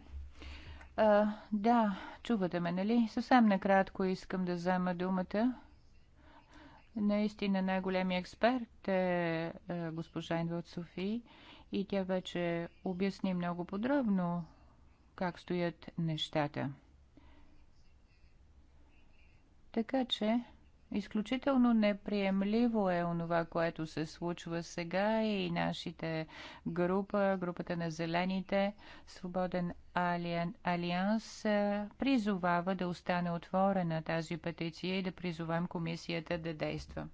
А, да, чувате ме, нали? Съвсем накратко искам да взема думата. Наистина най големи експерт е, е госпожа от Софи и тя вече обясни много подробно как стоят нещата. Така че Изключително неприемливо е онова, което се случва сега и нашите група, групата на зелените, Свободен Алианс, е, призовава да остане отворена тази петиция и да призовам комисията да действа.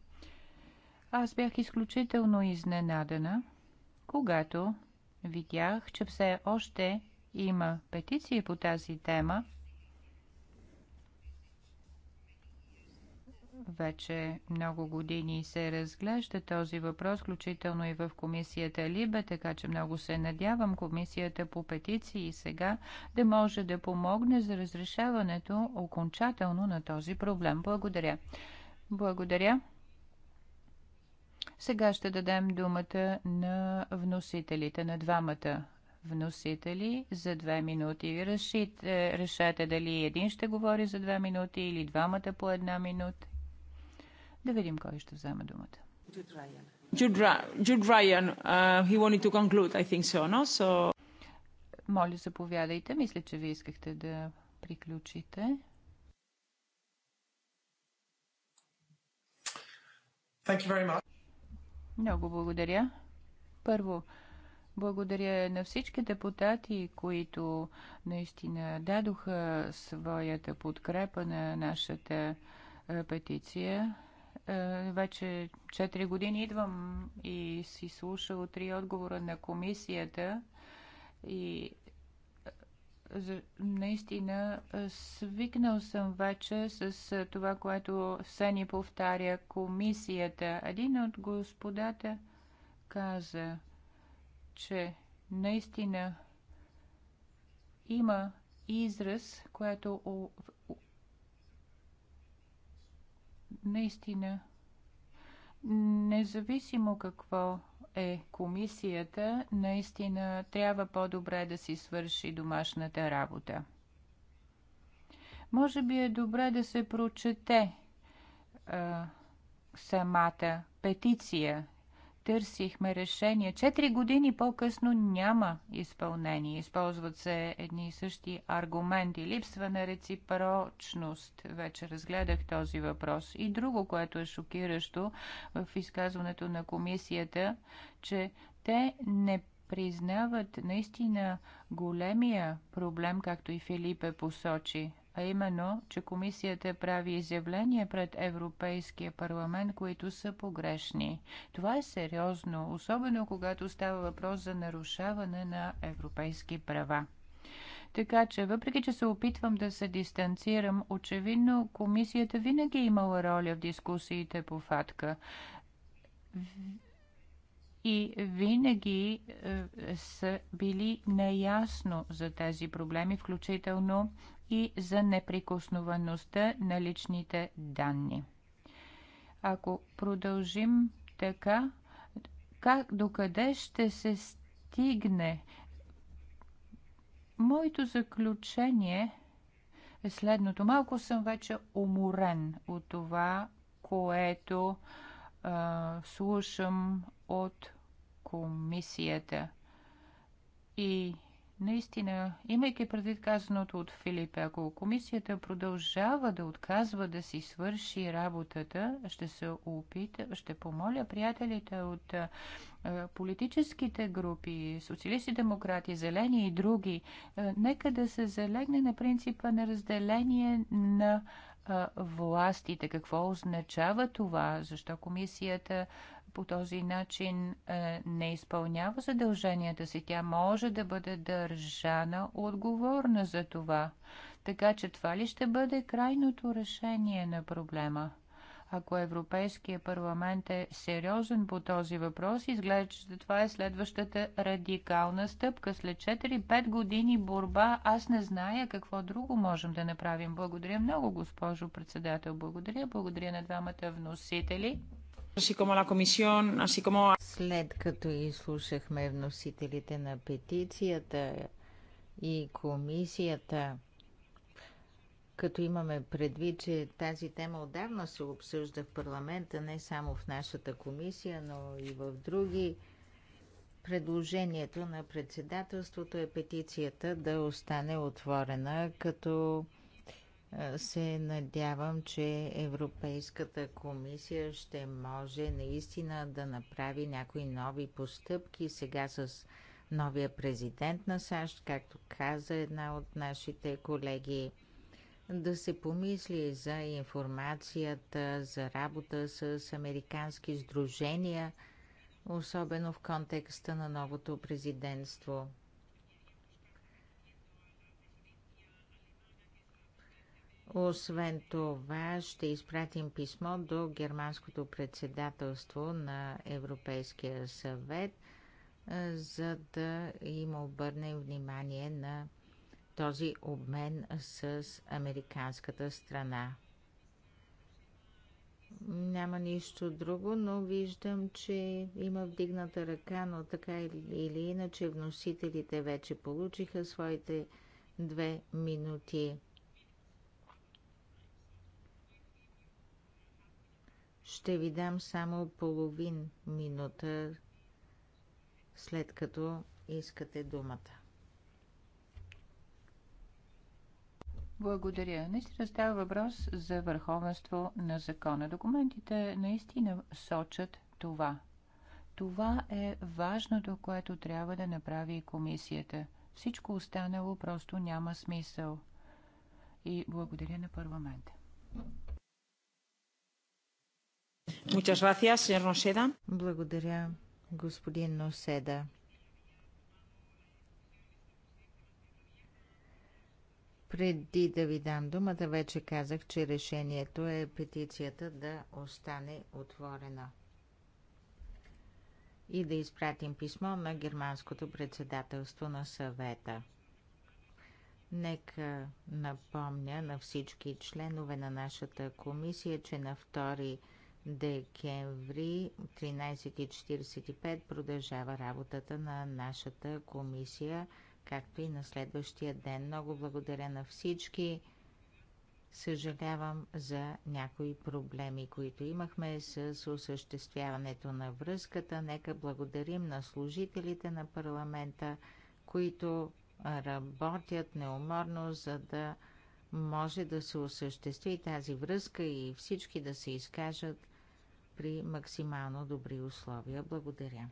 Аз бях изключително изненадана, когато видях, че все още има петиции по тази тема, Вече много години се разглежда този въпрос, включително и в комисията Либе, така че много се надявам комисията по петиции сега да може да помогне за разрешаването окончателно на този проблем. Благодаря. Благодаря. Сега ще дадем думата на вносителите, на двамата вносители за две минути. Решите, решете дали един ще говори за две минути или двамата по една минута. Да видим кой ще вземе думата. Джуд Райан, Джуд Райан. Моля, заповядайте. Мисля, че ви искахте да приключите. Thank you very much. Много благодаря. Първо, благодаря на всички депутати, които наистина дадоха своята подкрепа на нашата петиция. Е, вече 4 години идвам и си слушал три отговора на комисията и е, наистина е, свикнал съм вече с това, което се ни повтаря комисията. Един от господата каза, че наистина има израз, което Наистина, независимо какво е комисията, наистина трябва по-добре да си свърши домашната работа. Може би е добре да се прочете а, самата петиция търсихме решение. Четири години по-късно няма изпълнение. Използват се едни и същи аргументи. Липсва на реципрочност. Вече разгледах този въпрос. И друго, което е шокиращо в изказването на комисията, че те не признават наистина големия проблем, както и Филипе посочи, а именно, че комисията прави изявления пред Европейския парламент, които са погрешни. Това е сериозно, особено когато става въпрос за нарушаване на европейски права. Така че, въпреки че се опитвам да се дистанцирам, очевидно комисията винаги е имала роля в дискусиите по ФАТКА и винаги е, са били наясно за тези проблеми, включително и за неприкосновеността на личните данни. Ако продължим така, как, докъде ще се стигне? Моето заключение е следното. Малко съм вече уморен от това, което е, слушам от комисията. И наистина, имайки предвид казаното от Филип, ако комисията продължава да отказва да си свърши работата, ще се опита, ще помоля приятелите от политическите групи, социалисти, демократи, зелени и други, нека да се залегне на принципа на разделение на а, властите. Какво означава това? Защо комисията по този начин а, не изпълнява задълженията си? Тя може да бъде държана отговорна за това. Така че това ли ще бъде крайното решение на проблема? Ако Европейския парламент е сериозен по този въпрос, изглежда, че това е следващата радикална стъпка. След 4-5 години борба, аз не зная какво друго можем да направим. Благодаря много, госпожо председател. Благодаря. Благодаря на двамата вносители. След като изслушахме вносителите на петицията и комисията, като имаме предвид, че тази тема отдавна се обсъжда в парламента, не само в нашата комисия, но и в други. Предложението на председателството е петицията да остане отворена, като се надявам, че Европейската комисия ще може наистина да направи някои нови постъпки сега с новия президент на САЩ, както каза една от нашите колеги да се помисли за информацията, за работа с американски сдружения, особено в контекста на новото президентство. Освен това, ще изпратим писмо до германското председателство на Европейския съвет, за да им обърнем внимание на този обмен с американската страна. Няма нищо друго, но виждам, че има вдигната ръка, но така или иначе вносителите вече получиха своите две минути. Ще ви дам само половин минута, след като искате думата. Благодаря. Наистина става въпрос за върховенство на закона. Документите наистина сочат това. Това е важното, което трябва да направи комисията. Всичко останало просто няма смисъл. И благодаря на парламента. Благодаря, господин Носеда. Преди да ви дам думата, вече казах, че решението е петицията да остане отворена и да изпратим писмо на германското председателство на съвета. Нека напомня на всички членове на нашата комисия, че на 2 декември 13.45 продължава работата на нашата комисия – както и на следващия ден. Много благодаря на всички. Съжалявам за някои проблеми, които имахме с осъществяването на връзката. Нека благодарим на служителите на парламента, които работят неуморно, за да може да се осъществи тази връзка и всички да се изкажат при максимално добри условия. Благодаря.